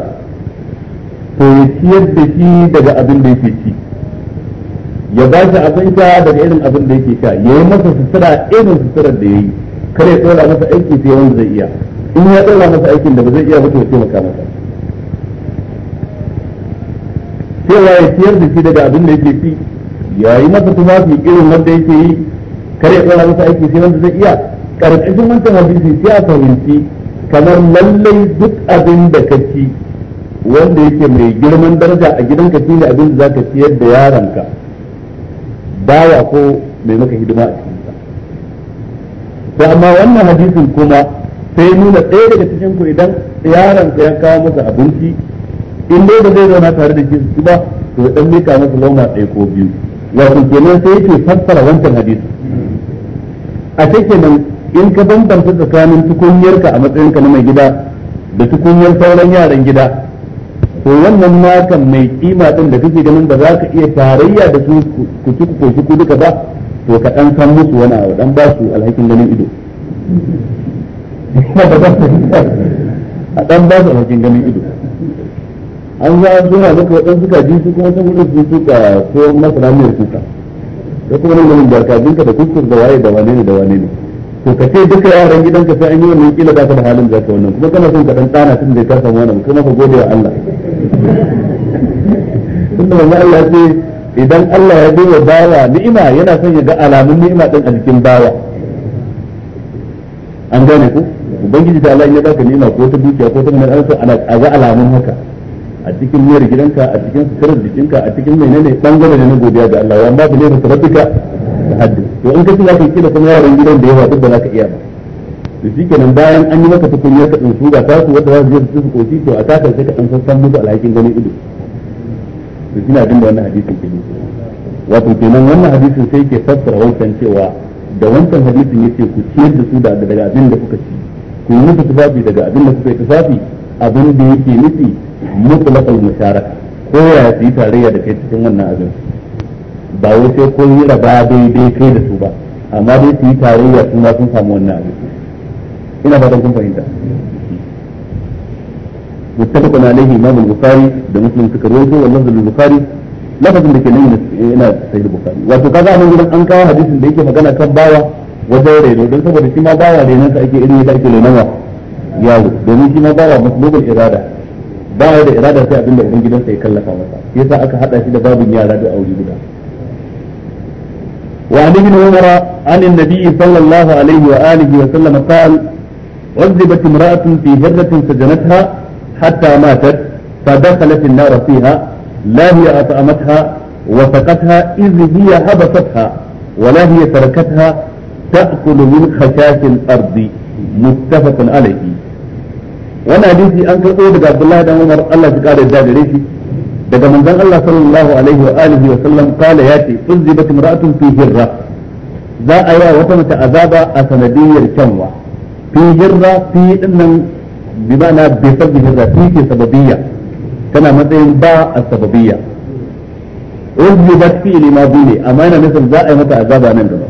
to ya ciyar da shi daga abin da yake ci ya ba shi abin sha daga irin abin da yake sha ya yi masa sutura irin suturar da ya yi kar ya tsora masa aiki sai wanda zai iya in ya tsora masa aikin da ba zai iya ba ya taimaka masa cewa ya ciyar da shi daga abin da yake ci ya yi masa tufafi irin wanda yake yi kar ya tsora masa aiki sai wanda zai iya sun wancan hadisi sai a fahimci kamar lallai duk abin da ka ci wanda yake mai girman daraja a gidanka shine abin da zaka ciyar da yaranka baya ko mai maka hidima a cikinsa to amma wannan hadisin kuma sai nuna ɗaya daga cikin ku idan yaransa ya kawo masa abinci in dai ba zai zauna tare da shi su ba to ya dan mika masa lauma ɗaya ko biyu wato kenan sai yake fassara wancan hadisin a kenan in ka bambanta tsakanin tukunyarka a matsayinka na mai gida da tukunyar sauran yaran gida to wannan makan mai kima din da kake ganin ba za ka iya tarayya da su ku ci ku koshi ku duka ba to ka dan san musu wani abu dan ba su alhakin ganin ido a dan ba su alhakin ganin ido an za a na maka wadan suka ji su kuma sun gudu su suka ko masana mai suka da kuma nan barka jinka da kuskur da waye da wane ne da wane ne to ka ce duka yaran ka sai an yi wannan kila ba ka da halin ka wannan kuma kana son ka dan tsana tun da ka samu wannan kuma ka gode wa Allah tunda wannan Allah ce idan Allah ya duba wa bawa ni'ima yana son ya ga alamun ni'ima din a jikin bawa an gane ku ubangiji ta Allah ya baka ni'ima ko ta dukiya ko ta mai alfa a ga alamun haka a cikin miyar gidanka a cikin sukarar jikinka a cikin menene bangare ne na godiya ga Allah wanda bi ne rabbika tahajjud to in kace zaka kila kuma yaran gidan da yawa duk ba zaka iya ba to shikenan bayan an yi maka ya ka din su ga tasu wanda za su je su to a sai ka dan sassan musu alhakin ganin ido to da wannan hadisin wato kenan wannan hadisin sai ke fassara wancan cewa da wancan hadisin yace ku ciyar da su daga abin da kuka ci ku yi musu tufafi daga abin da kuka yi tufafi abin da yake nufi mutlaqal musharaka ko ya yi tarayya da kai cikin wannan abin ba wai sai kun yi raba daidai kai da su ba amma dai su yi tarayya su ma sun samu wannan abin ina fatan kun fahimta متفق عليه امام bukhari da muslim suka rawaito واللفظ bukhari lafazin da ke nan yana sai da wato kaga a nan an kawo hadisin da yake magana kan bawa wajen reno don saboda shi ma bawa renon sa ake irin yadda ake renonawa yawo domin shi ma bawa maslubul irada ba da irada sai abinda ubangidansa ya kallafa masa yasa aka hada shi da babin yara da aure guda وعن ابن عمر عن النبي صلى الله عليه وآله وسلم قال عذبت امرأة في هرة سجنتها حتى ماتت فدخلت النار فيها لا هي أطعمتها وسقتها إذ هي حبستها ولا هي تركتها تأكل من خشاش الأرض متفق عليه وانا حديثي أنك أقول عبد الله بن عمر الله تقال الدادريشي daga manzon Allah sallallahu alaihi wa alihi wa sallam kala yati uzibat imra'atun fi hirra za a yawa wata mata azaba a sanadiyar kyanwa fi hirra fi dinnan bi ma'ana bi sabbi hirra fi ke sababiyya kana matsayin ba a sababiyya uzibat fi lima ne amma yana nufin za a yi mata azaba nan gaba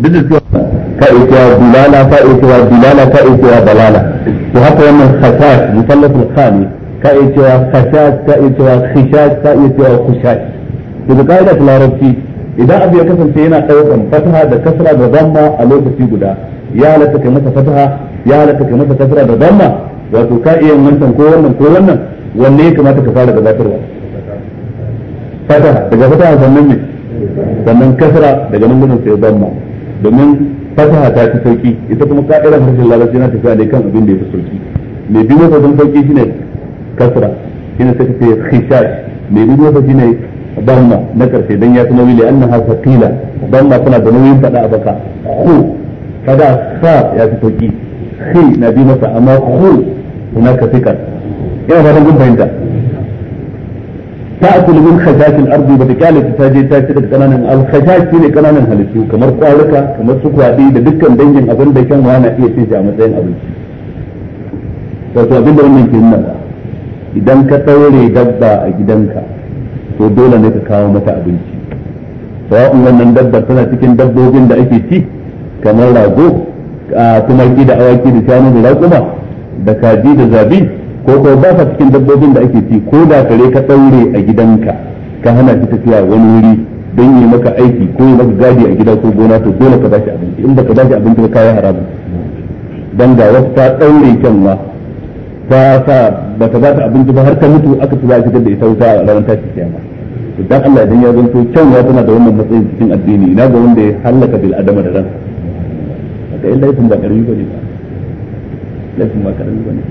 duk da cewa ka iya bulala ka iya bulala ka iya balala to haka wannan khasas musallatul khani ka iya cewa khashash ka iya cewa khishash ka iya cewa khushash daga ka'ida ta larabci idan abu ya kasance yana ɗaukan fataha da kasra da damma a lokaci guda ya halatta kai masa fataha ya halatta kai masa kasra da damma wato ka iya wancan ko wannan ko wannan wanne ya kamata ka fara gabatarwa fataha daga fataha sannan ne sannan kasra daga nan gudun sai damma domin fataha ta fi sauki ita kuma ka'idar harshen larabci na tafiya ne kan abin da ya fi sauki mai biyu masa don sauki shine kasra shine sai ka ce khishash mai dubu wata shine damma na karshe dan ya fi nauyi da annaha thaqila damma tana da nauyin fada a baka khu kada sa ya fi sauki khi na bi masa amma khu hunaka fikar ina fatan kun fahimta تأكل من خشاش الأرض بتكالة تاجي تاجي كنانا الخشاش شيء كنانا هلسيو كمر قارقة كمر سكوادي da dukkan dangin abin da kyan wani iya ce shi a matsayin abinci wato abin da wannan ke nuna idan ka ɗaure dabba a gidanka to dole ne ka kawo mata abinci sawa'un wannan dabba tana cikin dabbobin da ake ci kamar rago ki da awaki da shanu da raƙuma da kaji da zabi ko ko ba sa cikin dabbobin da ake ci ko da kare ka ɗaure a gidanka ka hana shi tafiya wani wuri don yi maka aiki ko yi maka gadi a gida ko gona to dole ka bashi abinci in baka bashi abinci ba kayan haramun don ga wasu ta ɗaure kyan ma ta sa ba ta ba ta abinci ba har ta mutu aka ci za a fitar da ita wuta a ranar tashi kiyama idan Allah idan ya zanto kyanwa tana da wannan matsayin cikin addini ina ga wanda ya halaka bil adama da ran. haka illa laifin ba karami bane ba laifin ba karami bane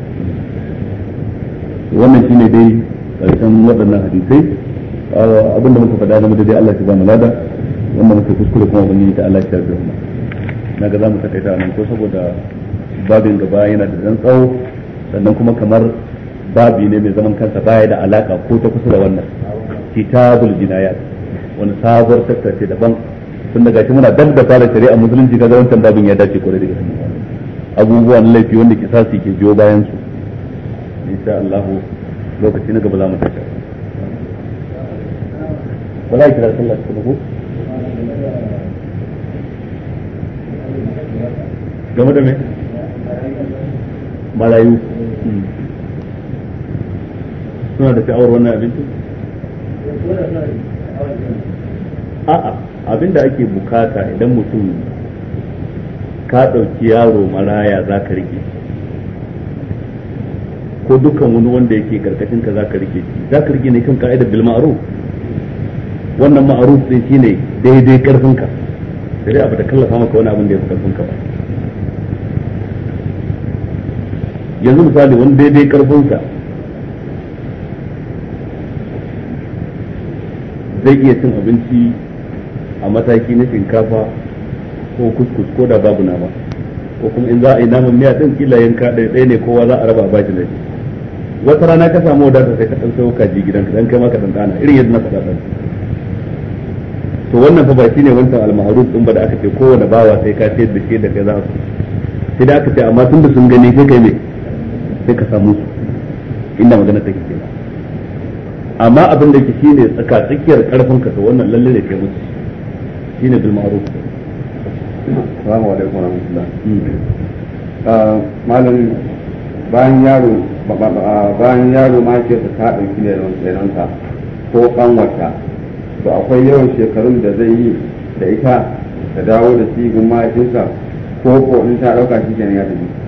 wannan shine dai karshen waɗannan hadisai abinda muka faɗa na mutu dai Allah ya ba mu lada wanda muka kuskure kuma ubangiji ta Allah ya yarda mu ga za mu ta nan ko saboda babin gaba yana da ɗan tsawo sannan kuma kamar babi ne mai zaman kansa baya da alaka ko ta kusa da wannan kitabul jinayat wani sabuwar tattace daban tun daga shi muna dan da fara shari'a musulunci ga wancan babin ya dace kore da gaske abubuwan laifi wanda kisasi ke biyo bayan su insha Allah lokaci na gaba za mu tashi wala kira sallah ta ku game da me marayu suna da sha'awar wannan abincin a'a abinda ake bukata idan mutum ka ɗauki yaro maraya za ka rike ko dukkan wani wanda yake karkashin ka za ka rike shi za ka rike ne kan ka'idar bil ma'ruf wannan ma'aruf din shine daidai karfin ka sai abu da kallafa maka wani abin da ya fi karfin ka ba yanzu misali wani daidai karfinsa zai iya cin abinci a mataki na shinkafa ko kuskus ko da babu nama ko kuma in za a yi naman miya din kila yanka ɗaya ɗaya ne kowa za a raba baki da shi wata rana ka samu wadata sai ka ɗan sayo ji gidanka dan kai ma ka ɗanɗana irin yadda na faɗa ɗan to wannan fa ba shine wancan al-ma'ruf din ba da aka ce kowane bawa sai ka ce da shi da kai za su sai da aka ce amma tun da sun gani sai kai me sai ka samu su inda magana take kenan amma abin da yake shine tsaka tsakiyar karfin ka to wannan lalle ne kai musu shine bil ma'ruf assalamu alaikum warahmatullah hmm. ah, malam bayan yaro ah, bayan yaro ma ke ta dauki da ta ko wata to akwai yawan shekarun da zai yi da ita da dawo da sigin mahaifinsa ko ko in ta dauka shi kenan ya tafi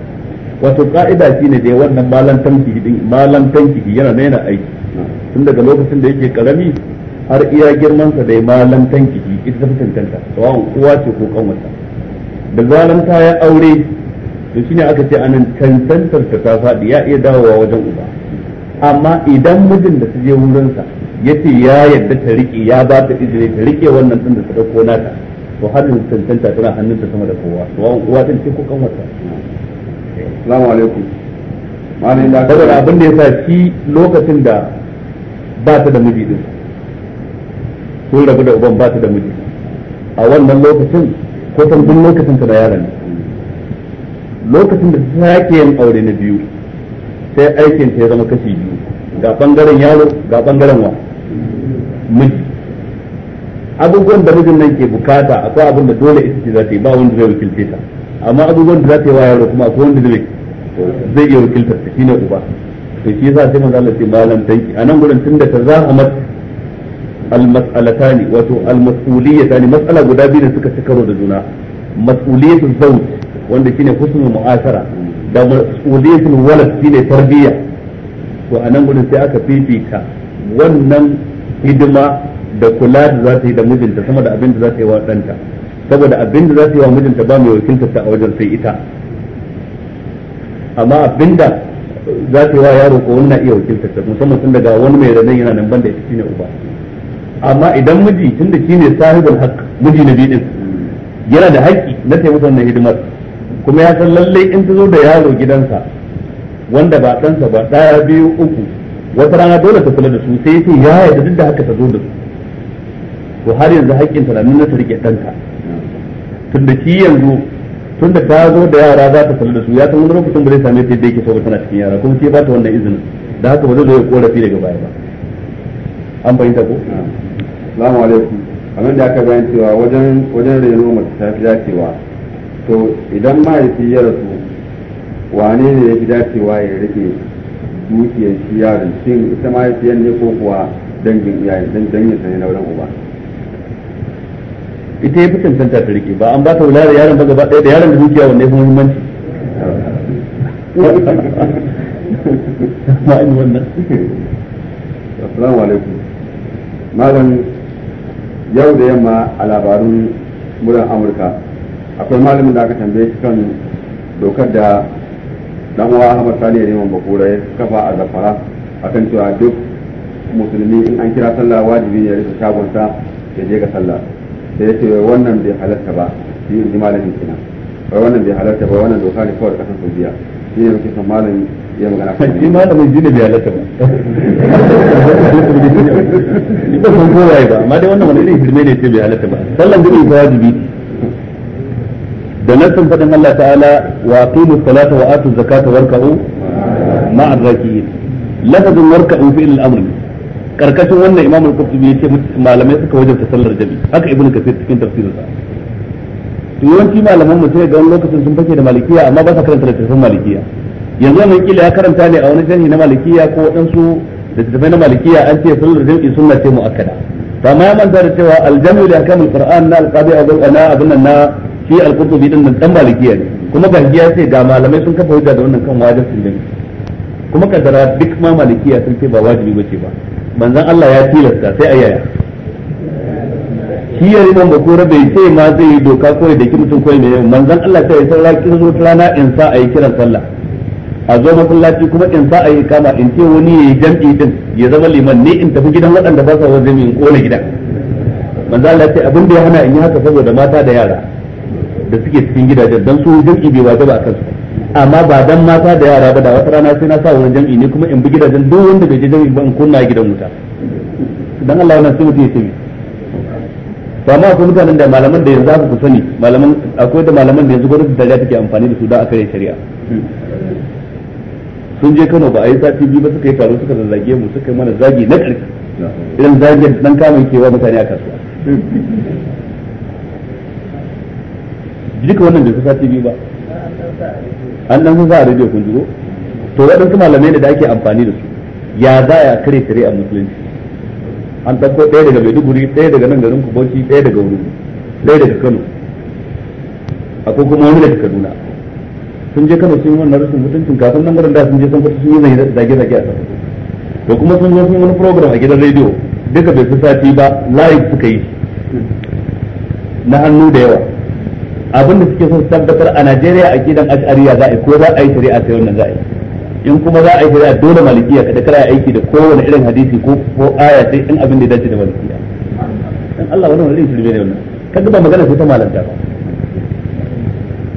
wato ka'ida ne da wannan malan tanki din malan tankihi yana da yana aiki tun daga lokacin da yake karami har iya girman sa dai malan tankihi ita ta tantanta sawa'un uwa ce ko kanwata da zalan ya aure to shine aka ce anan tantantar ta ta fadi ya iya dawowa wajen uba amma idan mijin da ta je wurin sa yace ya yadda ta rike ya ba ta izini ta rike wannan din da ta dauko nata to har tantanta tana hannunta sama da kowa sawa'un uwa din ce ko kanwata assalamu alaikum malin da da yasa shi lokacin da ba ta da da uban ba aure na biyu sai aikin ya zama kashi biyu ga bangaren abubuwan da mijin nan ke bukata akwai abin da dole ita ce za ta yi ba wanda zai wakilce ta amma abubuwan da za ta yi wa kuma akwai wanda zai zai iya wakilta ta ne uba to shi yasa sai manzo Allah ce malam tanki anan gurin tunda ta zahamat al wato al mas'ala guda biyu da suka ci da juna mas'uliyatul zawj wanda shine husnul mu'asara da mas'uliyatul walad shine tarbiyya to nan gurin sai aka fifita wannan hidima da kula da za ta yi da mijinta sama da abin da za ta yi wa ɗanta saboda abinda za su yi wa mijinta ba mai ta a wajen sai ita amma abinda za su yi wa yaro ko wani na iya ta musamman tun daga wani mai ranar yana nan banda ita shine uba amma idan miji tun da shine sahibul haqq miji na bidin yana da haƙƙi na taimaka na hidimar kuma ya san lalle in ta zo da yaro gidansa wanda ba ɗansa ba ɗaya biyu uku wata rana dole ta kula da su sai ce ya yarda duk da haka ta zo da su to har yanzu haƙƙin ta na nuna ta rike ɗanta tunda shi yanzu tunda ta zo da yara za ta kula da su ya san wani lokacin ba zai same ta yadda yake so ba tana cikin yara kuma sai ba ta wannan izinin da haka ba zai zo ya korafi daga baya ba an fahimta ko salamu alaikum kamar da aka bayan cewa wajen wajen reno mace ta fi dacewa to idan mahaifi ya rasu wane ne ya fi dacewa ya rike dukiyar shi yaron shin ita mahaifiyar ne ko kuwa dangin iyayen dangin sa ne na wurin uba ita ya fi cancanta ta rike ba an ba ta wula da yaron ba gaba ɗaya da yaron da dukiya wanne fi muhimmanci wannan assalamu alaikum malam yau da yamma a labarun murar amurka akwai malamin da aka tambaye shi kan dokar da dan uwa Ahmad Sani Yaman Bakura ya kafa a Zafara akan cewa duk musulmi in an kira sallah wajibi ya rika shagonsa ya je ga sallah sai yace wannan bai halatta ba shi ne malamin kenan wai wannan bai halatta ba wannan doka ne kawai kasan Saudiya shi ne muke son malami ya magana kan shi malamin shi ne bai halatta ba ni ba san kowaye ba amma dai wannan wani irin hirme ne ce bai halatta ba sallan gudu ba wajibi da nassin fadin Allah ta'ala wa aqimus salata wa atuz zakata warka'u ma'a raki'in lafazin warka'u fi'il al-amr karkashin wannan imam al-qurtubi yace malamai suka wajabta sallar jami haka ibnu kasir cikin sa to yawanci malaman mu sai ga wani lokacin sun fake da malikiya amma ba sa karanta littattafan malikiya yanzu mun kila ya karanta ne a wani jami na malikiya ko wadansu tafai na malikiya an ce sallar jami sunna ce muakkada to amma ya manta da cewa al jami da al qur'an na al-qadi abu ana abun nan na shi al-qurtubi din dan malikiya ne kuma gaskiya sai ga malamai sun kafa hujja da wannan kan wajibin jami'i kuma kaddara duk ma malikiya sun ce ba wajibi bace ba manzan Allah ya tilasta sai ayaya shi ya riman ba kura bai sai ma zai yi doka kawai da ki mutum kawai mai manzan Allah sai ya saura kin zo rana in sa ayi kiran sallah a zo masallaci kuma in sa ayi kama in ce wani ya yi jam'i din ya zama liman ne in tafi gidan waɗanda ba sa wajen in kona gidan manzan Allah sai abin da ya hana in yi haka saboda mata da yara da suke cikin gidajen dan su jam'i bai wajaba a kansu amma ba dan mata da yara ba da wata rana sai na sa wurin jam'i ne kuma in bi gidajen duk wanda bai je jam'i ba in kunna gidan wuta dan Allah wannan sai mutum ya sani to amma akwai mutanen da malaman da yanzu aka ku sani malaman akwai da malaman da yanzu gwamnati ta take amfani da su da akai shari'a sun je Kano ba a yi sati biyu ba suka yi taro suka zazzage mu suka yi mana zagi na ƙarfi irin zagin dan kamun kewa mutane a kasuwa duka wannan bai fi sati biyu ba an nan za a rediyo kun jigo to waɗansu malamai ne da ake amfani da su ya za a kare a musulunci an ɗauko ɗaya daga maiduguri ɗaya daga nan garin kuboki ɗaya daga wuri ɗaya daga kano akwai kuma wani daga kaduna sun je kano sun yi wannan rashin mutuncin kafin nan wurin da sun je sun fita sun yi zage-zage a sama to kuma sun zo sun yi wani program a gidan rediyo duka bai fi sati ba live suka yi na hannu da yawa abin da suke son tabbatar a Najeriya a gidan ash'ariya za a yi ko za a yi shari'a sai wannan za a yi in kuma za a yi shari'a dole malikiya kada kada ya aiki da kowane irin hadisi ko ko aya sai in abin da ya dace da malikiya dan Allah wannan wani shirme ne wannan kaga ba magana sai ta malanta ba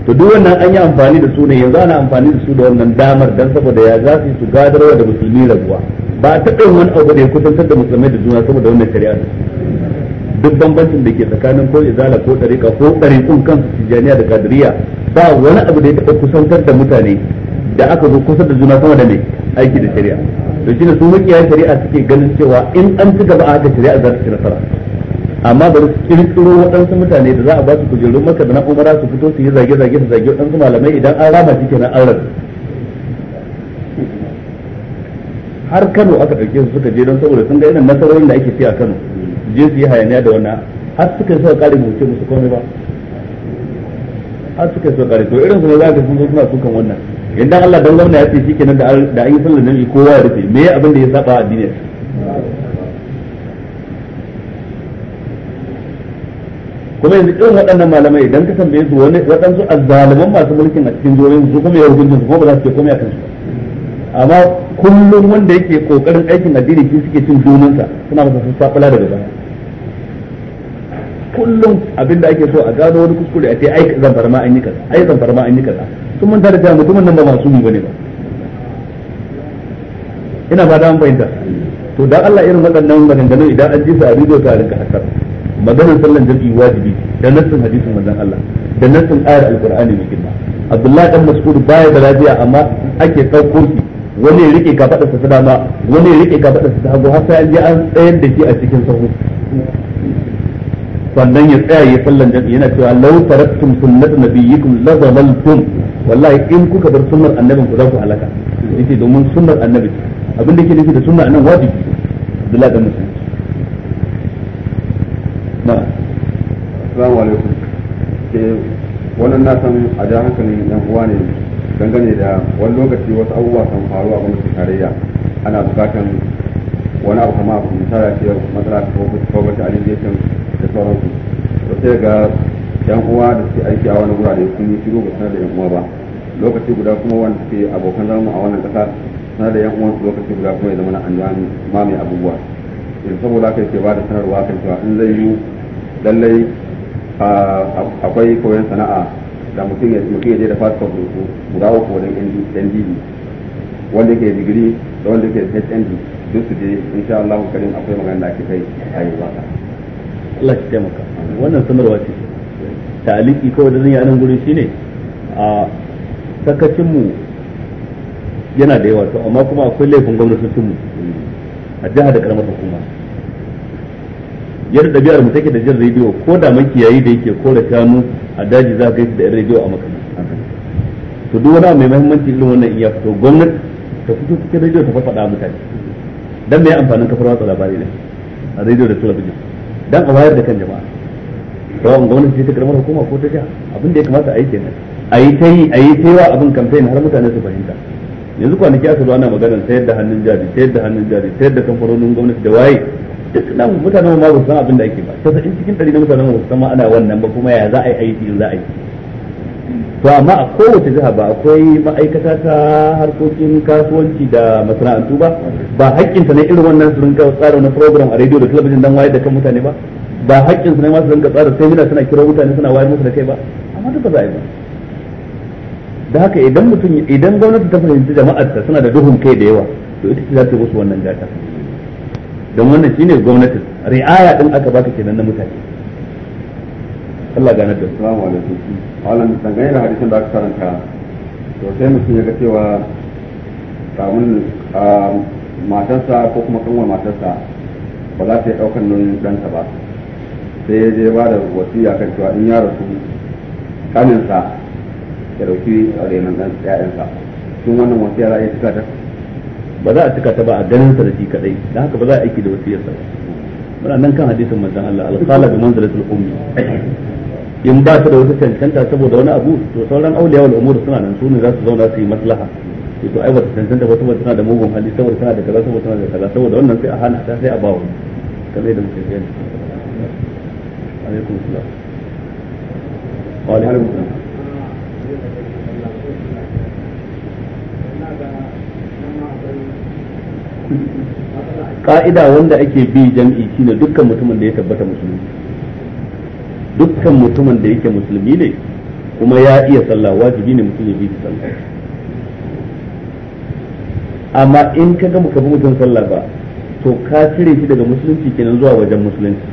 to duk wannan an yi amfani da su ne yanzu ana amfani da su da wannan damar dan saboda ya za su gadarwa da musulmi rabuwa ba ta ɗin wani abu da ya kusantar da musulmai da juna saboda wannan shari'a duk bambancin da ke tsakanin ko izala ko dariƙa ko ɗariƙun kan tijaniya da kadiriya ba wani abu da ya taɓa kusantar da mutane da aka zo kusa da juna sama da mai aiki da shari'a to shine su makiya shari'a suke ganin cewa in an ci gaba haka shari'a za ta ci nasara amma bari su kirkiro waɗansu mutane da za a ba su kujerun maka da na umara su fito su yi zage-zage su zage waɗansu malamai idan an rama shi kenan an rabu har kano aka ɗauke su suka je don saboda sun ga irin nasarorin da ake fi a kano je su yi hayaniya da wannan har suka suka kare mu ce musu komai ba har suka suka kare to irin su ne za ka sun zo suna sukan wannan idan Allah dan gwamna ya ce shi kenan da an yi sallar nan kowa ya rufe me abin da ya saba duniya kuma yanzu irin waɗannan malamai idan ka tambaye su wani waɗansu azzaliman masu mulkin a cikin jihohin su kuma ya hukuncin su kuma ba za su ce komai a kansu amma kullum wanda yake kokarin aikin addini shi suke cin dominsa suna masa sun sabula daga baya kullum abinda ake so a gano wani kuskure a ce ai zan farma an yi kaza ai zan farma an yi kaza sun manta da mutumin nan ba masu mu bane ba ina ba da an bayyana to dan Allah irin waɗannan maganganu idan an ji su a rido ta rinka hasar maganar sallan jami'i wajibi da nassin hadisin manzon Allah da nassin ayar alqur'ani mai girma Abdullahi dan Mas'ud baya da lafiya amma ake ɗaukar shi wani ya rike kafaɗarsa da dama wani ya rike kafaɗarsa ta hagu har sai an je an tsayar da shi a cikin sahu sannan ya tsaya ya sallan jami'i yana cewa law taraktum sunnat nabiyyikum la dhalaltum wallahi in kuka bar sunnar annabin ku za ku halaka ce domin sunnar annabi abin da yake nufi da sunna annabi wajibi Abdullahi da musulunci na assalamu alaikum ke wannan na san a ja hankalin yan uwa ne dangane da wani lokaci wasu abubuwa kan faru a gwamnatin tarayya ana bukatan wani abu kama abu misali ce matsala ta kowace alibiyacin da sauransu to sai ga yan uwa da suke aiki a wani wurare sun yi shiru ba sanar da yan uwa ba lokaci guda kuma wanda suke abokan zama a wannan kasa sanar da yan uwan su lokaci guda kuma ya zama na anjuwa mai abubuwa yanzu eh, saboda haka yake ba da sanarwa kan cewa in zai yi lallai akwai koyon sana'a da mutum ya je da fasfon guda uku wajen yan e. wanda ke digiri da wanda ke HND duk su je insha Allah karin akwai magana da ake kai a yi waka Allah shi taimaka wannan sanarwa ce aliki kawai da zan yi a nan gurin shine a sakacinmu yana da yawa to amma kuma akwai laifin mu a jihar da karamar hukuma yadda ɗabi'ar mu take da jin rediyo ko da makiyayi da yake kora shanu a daji za ka yi da rediyo a makana to duk wani mai muhimmanci irin wannan in ya fito gwamnati ta fito cikin rediyo ta faɗa mutane dan me amfanin kafar watsa labari ne a rediyo da talabijin dan a wayar da kan jama'a to an gwamnati ce ta karamar hukuma ko ta ja abin da ya kamata a yi kenan a yi ta yi a yi ta wa abin kamfen har mutane su fahimta yanzu kwanaki aka zo ana maganar sayar da hannun jari sayar da hannun jari sayar da kamfanonin gwamnati da waye duk nan mutanen ma ba su san abin da ake ba ta cikin ɗari na mutanen ba su san ma ana wannan ba kuma ya za a yi aiki za a yi to amma a kowace jiha ba akwai ma'aikata ta harkokin kasuwanci da masana'antu ba ba haƙƙinta ne irin wannan su rinka tsara na program a rediyo da talabijin dan wayar da kan mutane ba ba haƙƙinsu ne ma su rinka tsara semina suna kira mutane suna wayar musu da kai ba amma duka za a yi ba da haka idan mutum idan gwamnati ta fahimci jama'ar ta suna da duhun kai da yawa to ita ce za ta musu wannan gata don wannan shine gwamnati ri'aya din aka baka kenan na mutane Allah ga da salamu alaikum malam dangane da hadisin da aka karanta to sai mutum ya ga cewa kamun matarsa ko kuma kanwar matarsa ba za ta yi ɗaukar nauyin ɗanta ba sai ya je ba da wasiya kan cewa in ya rasu kaninsa ya dauki renon ɗan ƴaƴansa sun wannan wasiya za a iya cika ta ba za a cika ta ba a ganin sa da shi kadai dan haka ba za a aiki da wasiyarsa ba muna nan kan hadisin manzon Allah al-khala bi manzilatil ummi in ba su da wata cancanta saboda wani abu to sauran auliya wal umur suna nan su ne za su zauna su yi maslaha to ai wata cancanta ba saboda tana da mugun hali saboda tana da kaza saboda tana da kaza saboda wannan sai a hana ta sai a ba wani kamar yadda muke gani alaikum salam wa alaikum salam ka'ida wanda ake bi jam'i shine dukkan mutumin da ya tabbata musulunci. dukkan mutumin da yake musulmi ne kuma ya iya sallah wajibi ne mutum ya bi sallah amma in ka ga ka bi mutum sallah ba to ka cire shi daga musulunci kenan zuwa wajen musulunci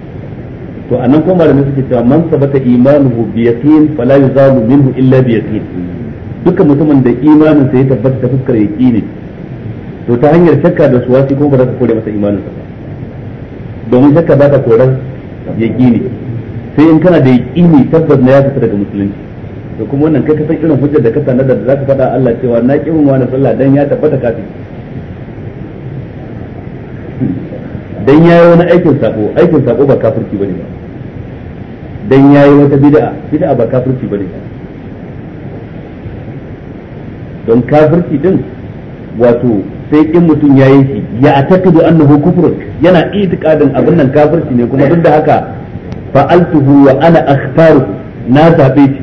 to anan kuma da suke cewa man sabata imanuhu bi yaqin fala yuzalu minhu illa bi yaqin dukkan mutumin da imanin sa ya tabbata ta fuskar yaqini to ta hanyar shakka da wasi kuma ba za ka kore masa imanin sa ba domin shakka ba ta koran yaqini sai in kana da yaqini tabbas na ya fita daga musulunci to kuma wannan kai ka san irin hujjar da ka tanada da zaka faɗa Allah cewa na ƙi wa na sallah dan ya tabbata kafi dan yi wani aikin sako aikin sako ba kafirci bane ba dan yi wata bid'a bid'a ba kafirci bane ba don kafirci din wato sai in mutum ya yi shi ya atakidu annahu kufrun yana itikadin abin nan kafirci ne kuma duk da haka fa'altuhu wa ana akhtaru na zabe shi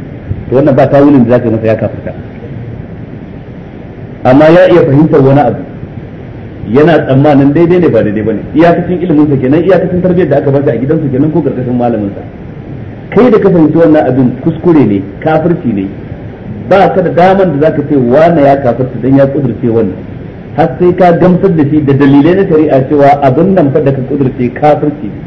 to wannan ba tawulin da zaka masa ya kafirta amma ya iya fahimtar wani abu yana tsammanin daidai ne ba daidai bane iyakacin ilimin sa kenan iyakacin tarbiyyar da aka ba a gidansa kenan ko karkashin malamin kai da ka fahimci wannan abin kuskure ne kafirci ne ba ka da daman da zaka ce wani ya kafirta dan ya kudurce wannan har sai ka gamsar da shi da dalilai na shari'a cewa abin nan fa da ka kudurce kafirci ne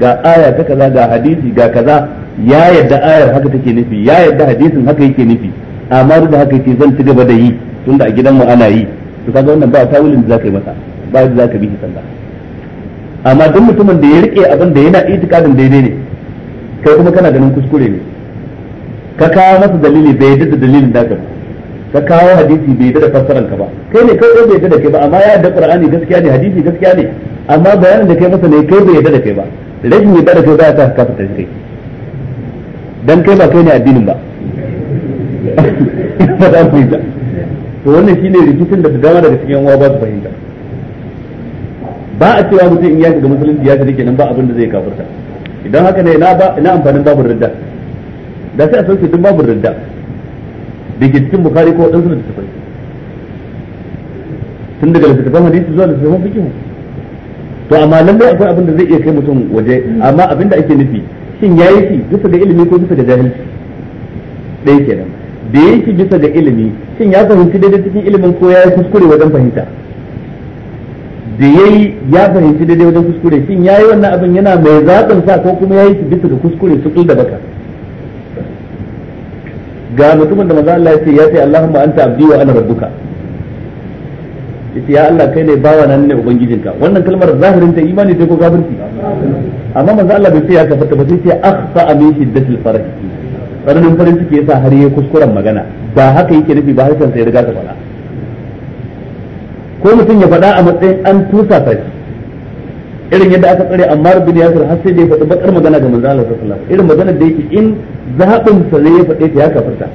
ga aya ta kaza ga hadisi ga kaza ya yadda ayar haka take nufi ya yadda hadisin haka yake nufi amma duk da haka yake zan ci gaba da yi tunda a gidan mu ana yi to kaga wannan ba tawulin da zaka yi masa ba yadda zaka bi sallah amma duk mutumin da ya rike abin da yana itikadin daidai ne kai kuma kana ganin kuskure ne ka kawo masa dalili bai yadda da dalilin naka ka kawo hadisi bai yadda da fassaran ka ba kai ne kai bai yadda da kai ba amma ya yadda qur'ani gaskiya ne hadisi gaskiya ne amma bayanin da kai masa ne kai bai yadda da kai ba rashin yadda da kai za a sa ka fita kai dan kai ba kai ne addinin ba ba za ku yi ta to wannan shine rikicin da dama daga cikin yan ba su fahimta ba a cewa mutum in ya shiga musulunci ya shiga nan ba abin da zai kafirta idan haka ne na ba ina amfanin babur radda da sai a sauke duk babur radda da ke cikin bukari ko wadansu da tafai tun daga littattafan hadisi zuwa littattafan fikihu to amma lallai akwai abin da zai iya kai mutum waje amma abin da ake nufi shin ya yi shi bisa ga ilimi ko bisa ga jahilci ɗaya kenan da ya yi bisa ga ilimi shin ya fahimci daidai cikin ilimin ko ya yi kuskure wajen fahimta da ya yi ya fahimci daidai wajen kuskure shin ya yi wannan abin yana mai zaɓin sa ko kuma ya yi shi bisa ga kuskure su da baka ga mutumin da maza Allah ya ce ya ce Allahumma anta abdi wa ana rabbuka yace ya Allah kai ne bawa nan ne ubangijinka wannan kalmar zahirin ta imani ta ko kafirci amma manzo Allah bai sai ya kafarta ba sai ya akhfa min shiddatil farah tsananin farin ciki yasa har yayi kuskuren magana ba haka yake nufi ba har sai ya riga ta fada ko mutum ya faɗa a matsayin an tusa ta irin yadda aka tsare amma ya sar har sai da ya faɗi bakar magana ga manzo Allah sallallahu alaihi wasallam irin magana da yake in zaɓin sa ne ya faɗe ta ya kafarta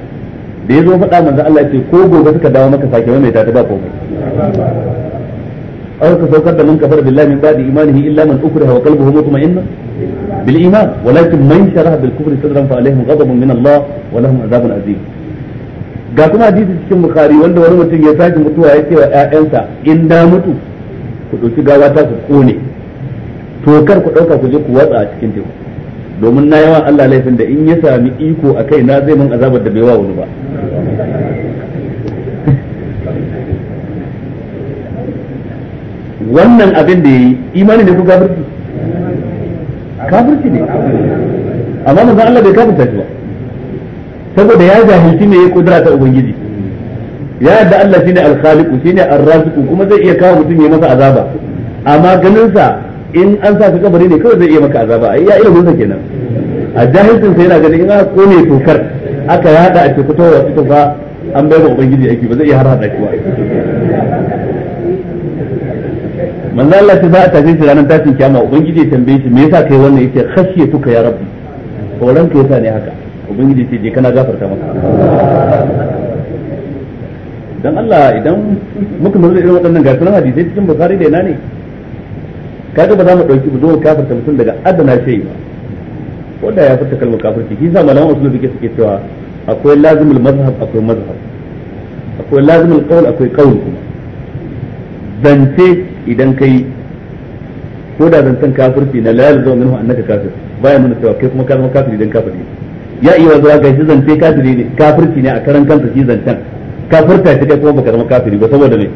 da ya zo faɗa manzo Allah ce ko gobe suka dawo maka sake mai ta ba komai aw ka saukar da man kafara billahi min ba'di imanihi illa man ukriha wa qalbuhu mutma'inna bil iman walakin man sharaha bil kufri sadran fa alaihim ghadabun min Allah wa lahum azim ga kuma hadisi cikin bukhari wanda wani mutum ya sake mutuwa ya ce wa ƴaƴansa in da mutu ku dauki gawa ta ku kone to kar ku dauka ku je ku watsa a cikin teku domin na yawan Allah laifin da in ya sami iko a kai na zai mun azabar da bai wa wani ba wannan abin da yi imani ne ko kafirci kafirci ne amma mazan Allah bai kafirta shi ba saboda ya jahilci ne ya kudura ta ubangiji ya yadda Allah shine al-khaliqu shine ar-raziqu kuma zai iya kawo mutum ya masa azaba amma ganin sa in an sa ka kabari ne kawai zai iya maka azaba ai ya ilimin sa kenan a jahilcin sa yana ganin in aka kone tokar aka yada a ce fitowa cikin fa an bai wa ubangiji aiki ba zai iya har hada shi ba manzo Allah ce za a tafi shi ranar tashin kiyama ubangiji ya tambaye shi me yasa kai wannan yake khashiya tuka ya rabbi horan ka yasa ne haka ubangiji ce je kana gafarta maka dan Allah idan muka lura irin waɗannan gasunan hadisai cikin bukhari da ina ne kaga ba za mu dauki mu zo kafirta mutum daga adana shi ba ko da ya furta kalmar kafirci shi sa malaman usul suke suke cewa akwai lazimul mazhab akwai mazhab akwai lazimul qaul akwai qaul kuma zance idan kai ko da zancen kafirci na la yalzu minhu annaka kafir baya nuna cewa kai kuma ka zama kafiri idan kafiri ya iya zuwa ga shi zance kafiri ne kafirci ne a karan kansa shi zancen kafirta shi kai kuma baka zama kafiri ba saboda me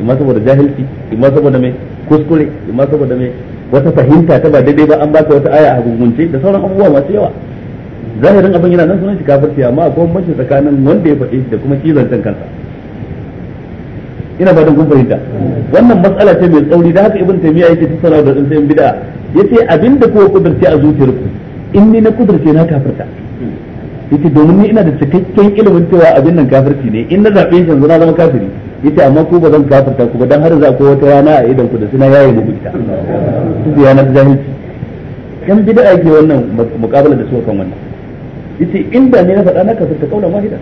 imma saboda jahilci imma saboda me kuskure amma saboda mai wata fahimta ta ba daidai ba an ba wata aya a hukunce da sauran abubuwa masu yawa zahirin abin yana nan sunan shi kafirci amma akwai bambanci tsakanin wanda ya faɗi da kuma shi zancen kansa ina ba kun fahimta wannan matsala ce mai tsauri da haka ibn taymiya yake tattauna da tsintsiyin bid'a yace abinda ko kudurce a zuciyarku in ni na kudurce na kafirta yace domin ni ina da cikakken ilimin cewa abin nan kafirci ne in na zabe shi yanzu na zama kafiri yace amma ku ba zan kafirta ku ba dan har za ku wata rana a idan ku da suna yayi mu bita su ya na jahilci kan bid'a ke wannan muqabala da su kan wannan yace inda ne na faɗa na ta kaulan wahida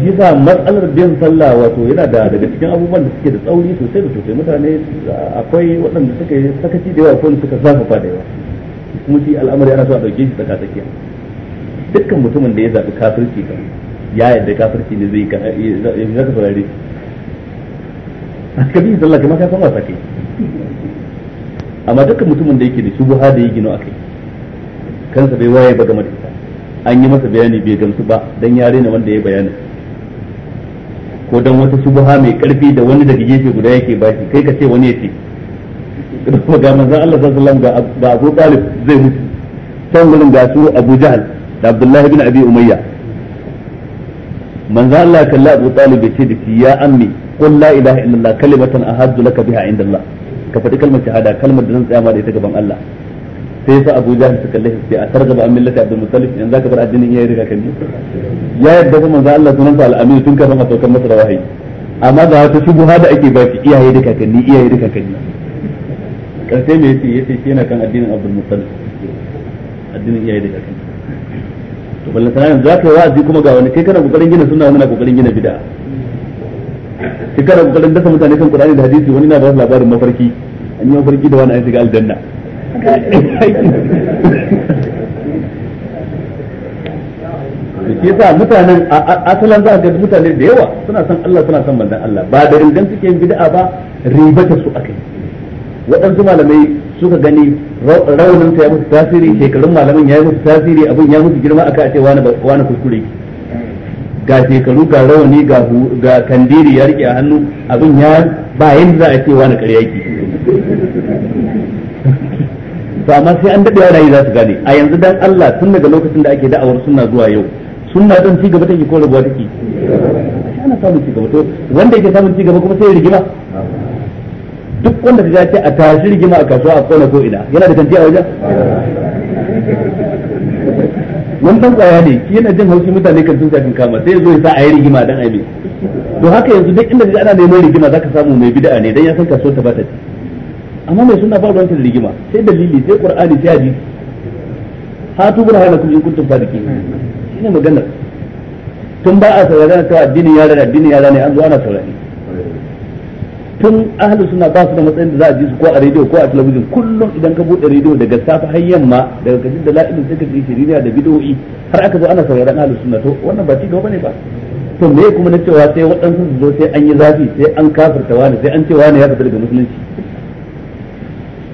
shi sa matsalar bin sallah wato yana da daga cikin abubuwan da suke da tsauri sosai da sosai mutane akwai waɗanda suka yi sakaci da yawa ko suka zafafa da yawa kuma shi al'amari ana so a ɗauke shi tsaka tsakiya dukkan mutumin da ya zaɓi kafirci kan ya yadda kafirci ne zai za ka saurare ka bi sallah kamar kafin wasa kai amma dukkan mutumin da yake da ha da ya gino akai kansa bai waye ba game da ita an yi masa bayani bai gamsu ba dan yare ne wanda ya bayani ko dan wata shubha mai karfi da wani daga gefe guda yake bashi kai ka ce wani ya ce ga manzon Allah sallallahu alaihi wasallam ga Abu Talib zai mutu can gurin ga su Abu Jahl da Abdullahi bin Abi Umayya manzo Allah kalli Abu Talib yace da shi ya ammi qul la ilaha illallah kalimatan ahaddu laka biha inda Allah ka faɗi kalmar shahada kalmar da zan tsaya ma da ita gaban Allah sai yasa Abu Jahl suka kalle sai a targaba an millata Abdul Muttalib yanzu ka bar addinin yayi riga kan ya yadda kuma manzo Allah sunan sa al-amin tun kafin a saukar masa da wahayi amma ga wata shubuha da ake baki shi iyaye da kakanni iyaye da kakanni karshe me yace yace shi yana kan addinin Abdul Muttalib addinin iyaye da kakanni to ballan sana yanzu zaka yi wa'azi kuma ga wani kai kana kokarin gina sunna wani na kokarin gina bid'a kai kana kokarin dasa mutane kan Qur'ani da hadisi wani na ba labarin mafarki an yi mafarki da wani an shiga aljanna ke sa mutanen asalan za ga mutane da yawa suna son Allah suna son manzon Allah ba da ringan suke yin bid'a ba ribata su akai waɗansu malamai suka gani raunin ta ya musu tasiri shekarun malamin ya yi musu tasiri abin ya musu girma aka ce wani kuskure ga shekaru ga rauni ga kandiri ya rike a hannu abin ya ba yanda za a ce wani karya yake to amma sai an daɗe rayu za su gane a yanzu dan Allah tun daga lokacin da ake da'awar suna zuwa yau suna don ci gaba take ko rabuwa take ana samun ci gaba to wanda yake samun ci gaba kuma sai ya rigima duk wanda ta ce a tashi rigima a kasuwa a kona ko ina yana da kanti a wajen mun dan kwaya ne yana jin haushi mutane kan tuka kan kama sai zo ya sa a yi rigima dan aibe to haka yanzu duk inda ana neman rigima zaka samu mai bid'a ne dan ya san kasuwar ta bata amma mai sunna ba ruwan ta rigima sai dalili sai qur'ani sai hadisi bura burhanakum in kuntum sadiqin shine maganar tun ba a sauraron ta addinin yara da addinin yara ne an zo ana saurari tun ahlus suna ba su da matsayin da za a ji su ko a rediyo ko a talabijin kullum idan ka bude rediyo daga safe har yamma daga kaji da la'ilin sai ka ji shirina da bidoyi har aka zo ana sauraron ahlus suna to wannan ba ci gaba ne ba to me kuma na cewa sai waɗansu su zo sai an yi zafi sai an kafirta wani sai an ce wani ya fita daga musulunci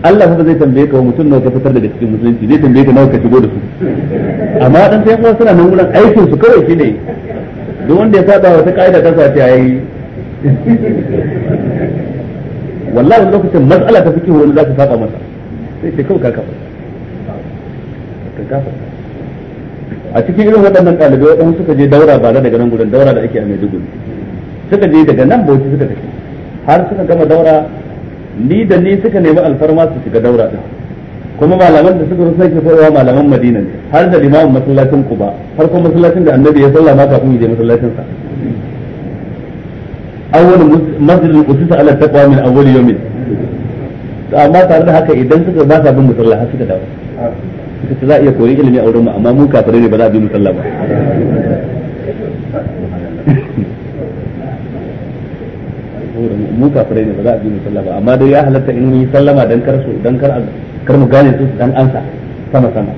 Allah ba zai tambaye ka mutum nawa ka fitar daga cikin musulunci zai tambaye ka nawa ka shigo da su amma dan sai kuma suna nan wurin aikin su kawai shine duk wanda ya saba wata kaida ta sa ta yayi wallahi lokacin matsala ta fiki wani za ka saba masa sai ce kawai ka a cikin irin waɗannan ɗalibai waɗansu suka je daura ba da daga nan gudun daura da ake a Maiduguri suka je daga nan bauchi suka tafi har suka gama daura ni da ni suka nemi alfarma su shiga daura ɗin kuma malaman da suka rusa ke farawa malaman Madina har da limamin masallacin har kuma masallacin da Annabi ya sallama kafin ya je masallacin sa awwal al usisa ala taqwa min awwal yawmin amma tare da haka idan suka ba sa bin musalla har suka dawo suka ce za a iya koyi ilimi a wurin mu amma mu kafirai ne ba za a bi musalla ba mu kafirai ne ba za a bi musalla ba amma dai ya halatta in yi sallama dan kar su dan kar kar mu gane su dan ansa sama sama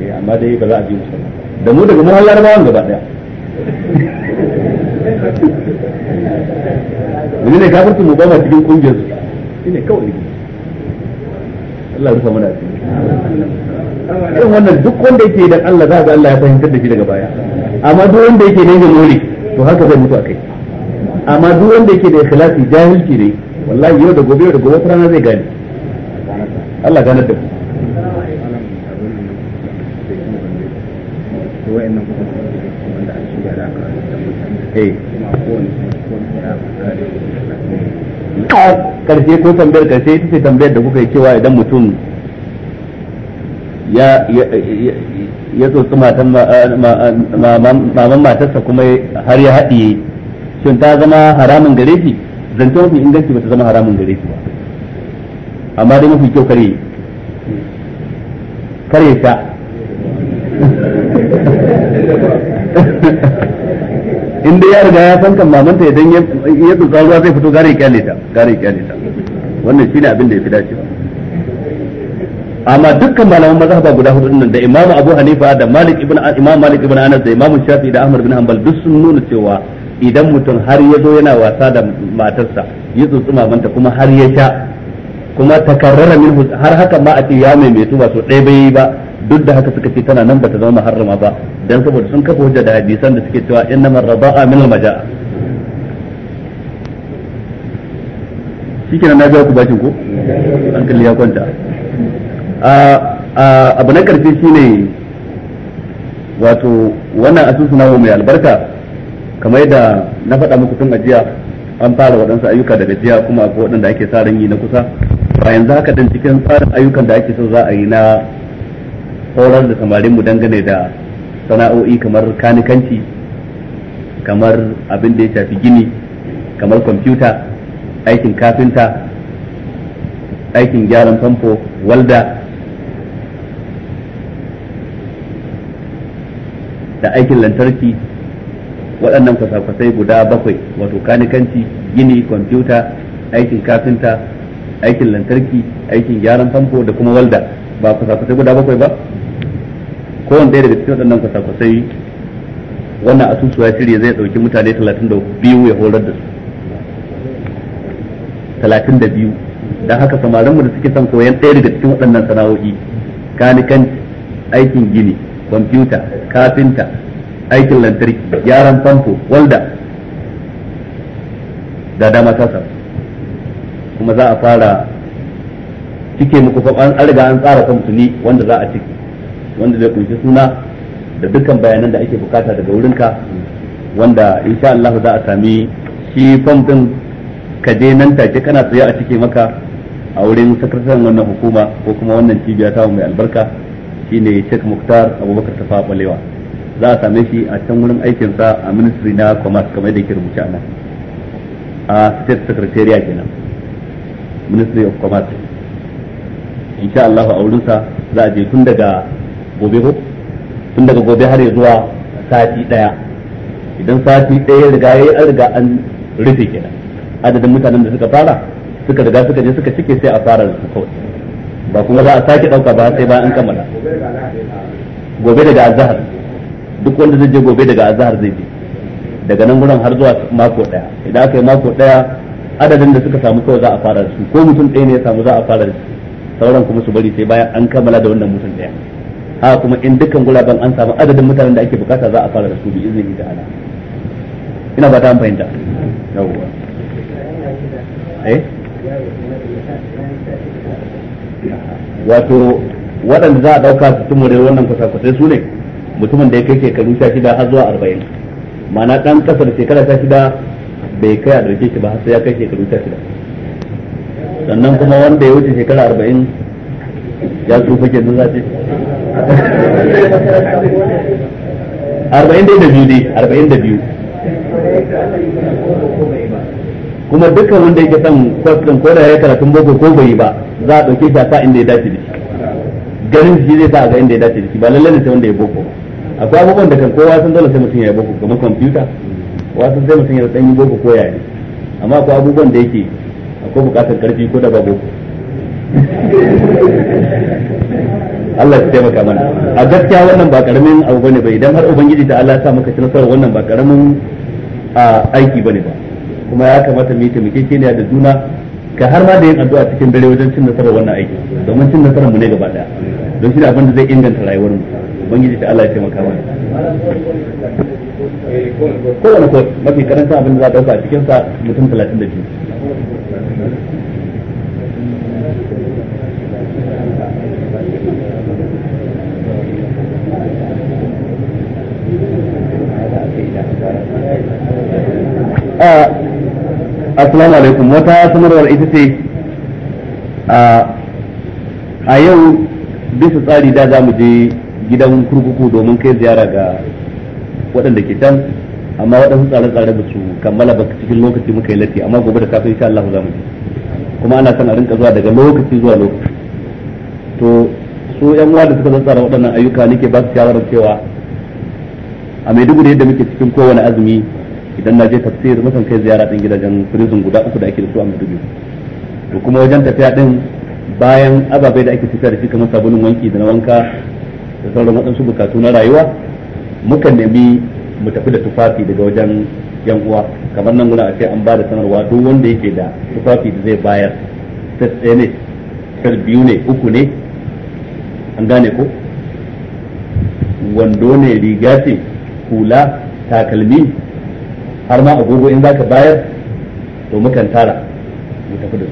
eh amma dai ba za a bi musalla da mu daga mu har wanda ba. daya wani ne kafirci mu ba ma cikin kungiyar su ne kawai ne Allah rufa mana asiri irin wannan duk wanda yake dan Allah za ga Allah ya fahimtar da shi daga baya amma duk wanda yake ne ga mole to haka zai mutu a kai amma duk wanda yake da ikhlasi jahilci ne wallahi yau da gobe yau da gobe rana zai gane Allah ganar da ku wa'annan kuma wanda a cikin da aka tambaye karshe ko tambayar karshe ita ce tambayar da kuka yi cewa idan mutum ya ya tsotsi matan eh, eh, maman matarsa kuma har ya haɗiye shin ta zama haramun gare shi zance mafi inganci ba ta zama haramun gare shi ba amma dai mafi kyau kare kare ta in dai ya riga ya san kan mamanta idan ya tsuka ruwa zai fito gare kyale ta gare kyale ta wannan shine abin da ya fi dace amma dukkan malaman mazhaba guda hudu nan da imamu abu hanifa da malik ibn imam malik ibn anas da imamu shafi da ahmad bin hanbal duk sun nuna cewa idan mutum har ya zo yana wasa da matarsa ya tsutsu mamanta kuma har ya sha kuma takarrara min har haka ma a ce ya maimaitu ba so ɗaya bai ba duk da haka suka ce tana nan bata zama muharrama ba dan saboda sun kafa hujja da hadisan da suke cewa innamar raba'a min al-maja'a shikenan na ga ku bakin ko hankali ya kwanta a abu na karfi shine wato wannan asusu mai albarka kamar da na faɗa muku tun ajiya an fara waɗansu ayyuka daga jiya kuma akwai waɗanda ake sa ran yi na kusa a yanzu haka din cikin tsarin ayyukan da ake so za a yi na horar da samarin mu dangane da sana'o'i kamar kanikanci kamar abin da ya shafi gini kamar kwamfuta aikin kafinta aikin gyaran famfo walda da aikin lantarki waɗannan kwasa-kwasai guda bakwai wato kanikanci gini kwamfuta aikin kafinta aikin lantarki aikin gyaran famfo da kuma walda ba kwasa-kwasai guda bakwai ba kowane ɗaya daga cikin waɗannan kwasa-kwasai wannan asusu ya shirya zai ɗauki mutane talatin da biyu ya horar da su talatin da biyu don haka samarinmu da suke son koyan ɗaya daga cikin waɗannan sana'o'i kanikan aikin gini kwamfuta kafinta aikin lantarki gyaran famfo walda da dama ta samu kuma za a fara cike muku an riga an tsara famfo wanda za a ciki wanda zai kunshi suna da dukkan bayanan da ake bukata daga wurinka wanda insha Allah za a sami shi fam din ka je nan take kana tsaye a cike maka a wurin sakataren wannan hukuma ko kuma wannan cibiya ta mai albarka shine Sheikh Muktar Abubakar Tafa Balewa za a same shi a can wurin aikinsa a ministry na commerce kamar da ke rubuce a nan a state secretariat kenan ministry of commerce insha Allah a wurinsa za a je tun daga gobe ko tun daga gobe har zuwa sati daya idan sati daya riga yayi an riga an rufe kenan adadin mutanen da suka fara suka riga suka je suka cike sai a fara da su kawai ba kuma za a sake dauka ba sai bayan an kammala gobe daga azhar duk wanda zai je gobe daga azhar zai je daga nan gurin har zuwa mako daya idan aka yi mako daya adadin da suka samu kawai za a fara da su ko mutum ɗaya ne ya samu za a fara da su sauran kuma su bari sai bayan an kammala da wannan mutum ɗaya ha kuma in dukkan gulaben an samu adadin mutanen da ake bukata za a fara da su bi izini da ala ina ba ta an fahimta yawwa eh? wato waɗanda za a ɗauka su tumure wannan kusa-kusai su ne mutumin da ya kai shekaru sha shida har zuwa arba'in ma'ana ɗan ƙasa da shekara sha shida bai kai a ɗauke shi ba har sai ya kai shekaru sha shida sannan kuma wanda ya wuce shekara arba'in ya su kenan za ce arba'in da biyu ne arba'in da biyu kuma dukkan wanda yake son kwastin ko da ya karatun boko ko bai ba za a ɗauke shi a sa inda ya dace da shi ganin shi zai sa a ga inda ya dace da shi ba lallai ne sai wanda ya boko akwai abubuwan da kan kowa sun dole sai mutum ya boko kamar kwamfuta wasu sai mutum ya ɗan yi boko ko yaya amma akwai abubuwan da yake akwai buƙatar ƙarfi ko da ba boko Allah ya taimaka mana a gaskiya wannan ba karamin abu bane ba idan har ubangiji ta Allah ya sa muka ci nasara wannan ba karamin aiki bane ba kuma ya kamata mu yi taimakekeniya da juna ka har ma da yin addu'a cikin dare wajen cin nasarar wannan aiki domin cin nasarar mu ne gaba daya don shi da abin da zai inganta rayuwar mu ubangiji ta Allah ya taimaka mana kowane kotu mafi karanta abin da za a dauka cikin sa mutum talatin da biyu assalamu alaikum wata sanarwar ita ce a yau bisa tsari da za mu je gidan kurkuku domin kai ziyara ga waɗanda ke can amma waɗansu tsare-tsare ba su kammala ba cikin lokaci muka yi latti amma gobe da kafin insha Allah za mu je kuma ana son a rinka zuwa daga lokaci zuwa lokaci to su yan uwa da suka tsara waɗannan ayyuka nake ba su shawarar cewa a Maiduguri yadda muke cikin kowane azumi idan na je tafsir mukan kai ziyara din gidajen prison guda uku da ake da su a Maiduguri to kuma wajen tafiya din bayan ababai da ake tafiya da shi kamar sabulun wanki da na wanka da sauran waɗansu bukatu na rayuwa mukan nemi mu tafi da tufafi daga wajen yan uwa kamar nan guna a ce an ba da sanarwa duk wanda yake da tufafi da zai bayar set tsaye ne set biyu ne uku ne an gane ko wando ne riga ce hula takalmi har ma agogo in ka bayar to mukan tara mu tafi da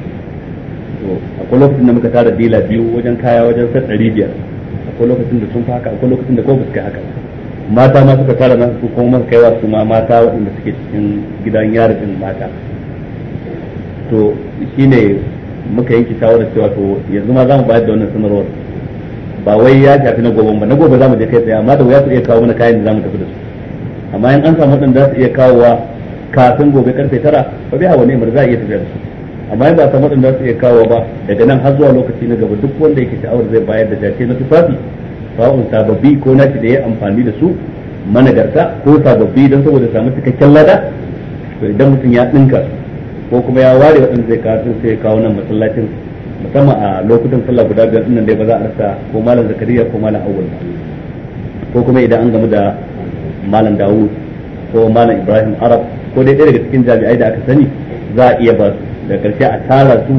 su to akwai lokacin da muka tara dila biyu wajen kaya wajen sai ɗari biyar akwai lokacin da sun fi haka akwai lokacin da ko kai haka mata ma suka tara nan su kuma muka kaiwa su ma mata waɗanda suke cikin gidan yarin mata to shine muka yanke shawarar cewa to yanzu ma za mu bayar da wannan sanarwar ba wai ya shafi na gobe ba na gobe za mu je kai tsaye amma da wuya su iya kawo mana kayan da za mu tafi da su amma in an samu waɗanda za su iya kawowa kafin gobe karfe tara ba bai hawa ne za a iya tafiya da su amma in ba a samu waɗanda za su iya kawowa ba daga nan har zuwa lokaci na gaba duk wanda yake sha'awar zai bayar da jace na tufafi sawun sababbi ko shi da ya amfani da su managarta ko sababbi don saboda samu cikakken lada to idan mutum ya ɗinka ko kuma ya ware waɗanda zai kawo sai ya kawo nan masallacin musamman a lokutan sallah guda biyar ɗin dai ba za a rasa ko malam zakariya ko malam awwal ko kuma idan an gamu da malam dawud ko malam ibrahim arab ko dai daga cikin jami'ai da aka sani za a iya ba su da karshe a tara su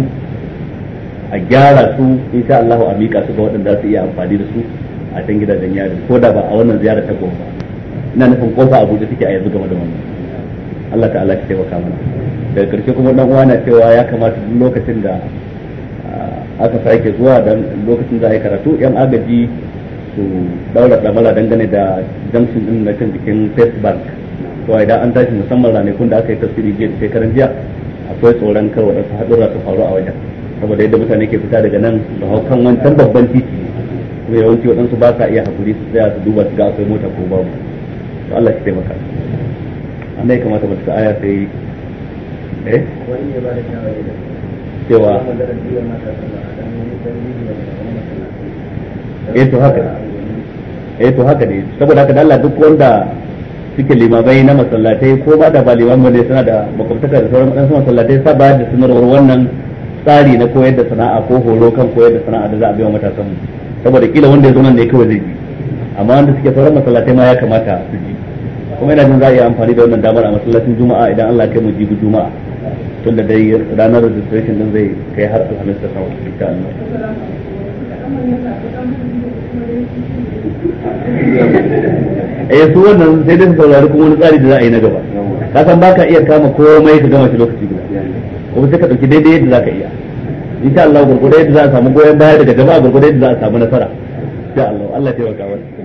a gyara su insha Allah a mika su ga waɗanda su iya amfani da su a can gidajen yari ko da ba a wannan ziyara ta goma ina nufin kofa abuja take a yanzu game da wannan Allah ta'ala ta taimaka mana daga karshe kuma dan uwa na cewa ya kamata duk lokacin da ah, aka sake zuwa dan lokacin za a yi karatu yan agaji su daura damara dangane da jamsin din na kan jikin facebook bank a idan an tashi musamman ranakun da aka yi tafsiri jiya shekaran jiya akwai tsoron kar waɗansu haɗura su faru a wajen saboda yadda mutane ke fita daga nan da haukan wancan babban titi kuma yawanci waɗansu ba sa iya hakuri su tsaya su duba su ga akwai mota ko babu to Allah shi taimaka amma ya kamata mutu aya sai eh cewa eh to haka eh to haka ne saboda haka Allah duk wanda suke limamai na masallatai ko ba da ba limamin ne suna da makwabtaka da sauran wadansu masallatai sa bayar da sanarwar wannan tsari na koyar da sana'a ko horo kan koyar da sana'a da za a biya matasan saboda kila wanda ya zo nan ne kawai zai ji amma wanda suke sauran masallatai ma ya kamata su ji kuma ina jin za a yi amfani da wannan damar a masallacin juma'a idan Allah kai mu jibi juma'a tun da dai ranar registration din zai kai har alhamis da sama insha Allah eh su wannan sai dai su saurari kuma wani tsari da za a yi na gaba ka san baka iya kama komai ka gama shi lokaci guda kuma sai ka dauki daidai yadda zaka iya insha Allah gurgurai da za a samu goyon baya daga jama'a gurgurai da za a samu nasara insha Allah Allah ya taimaka mana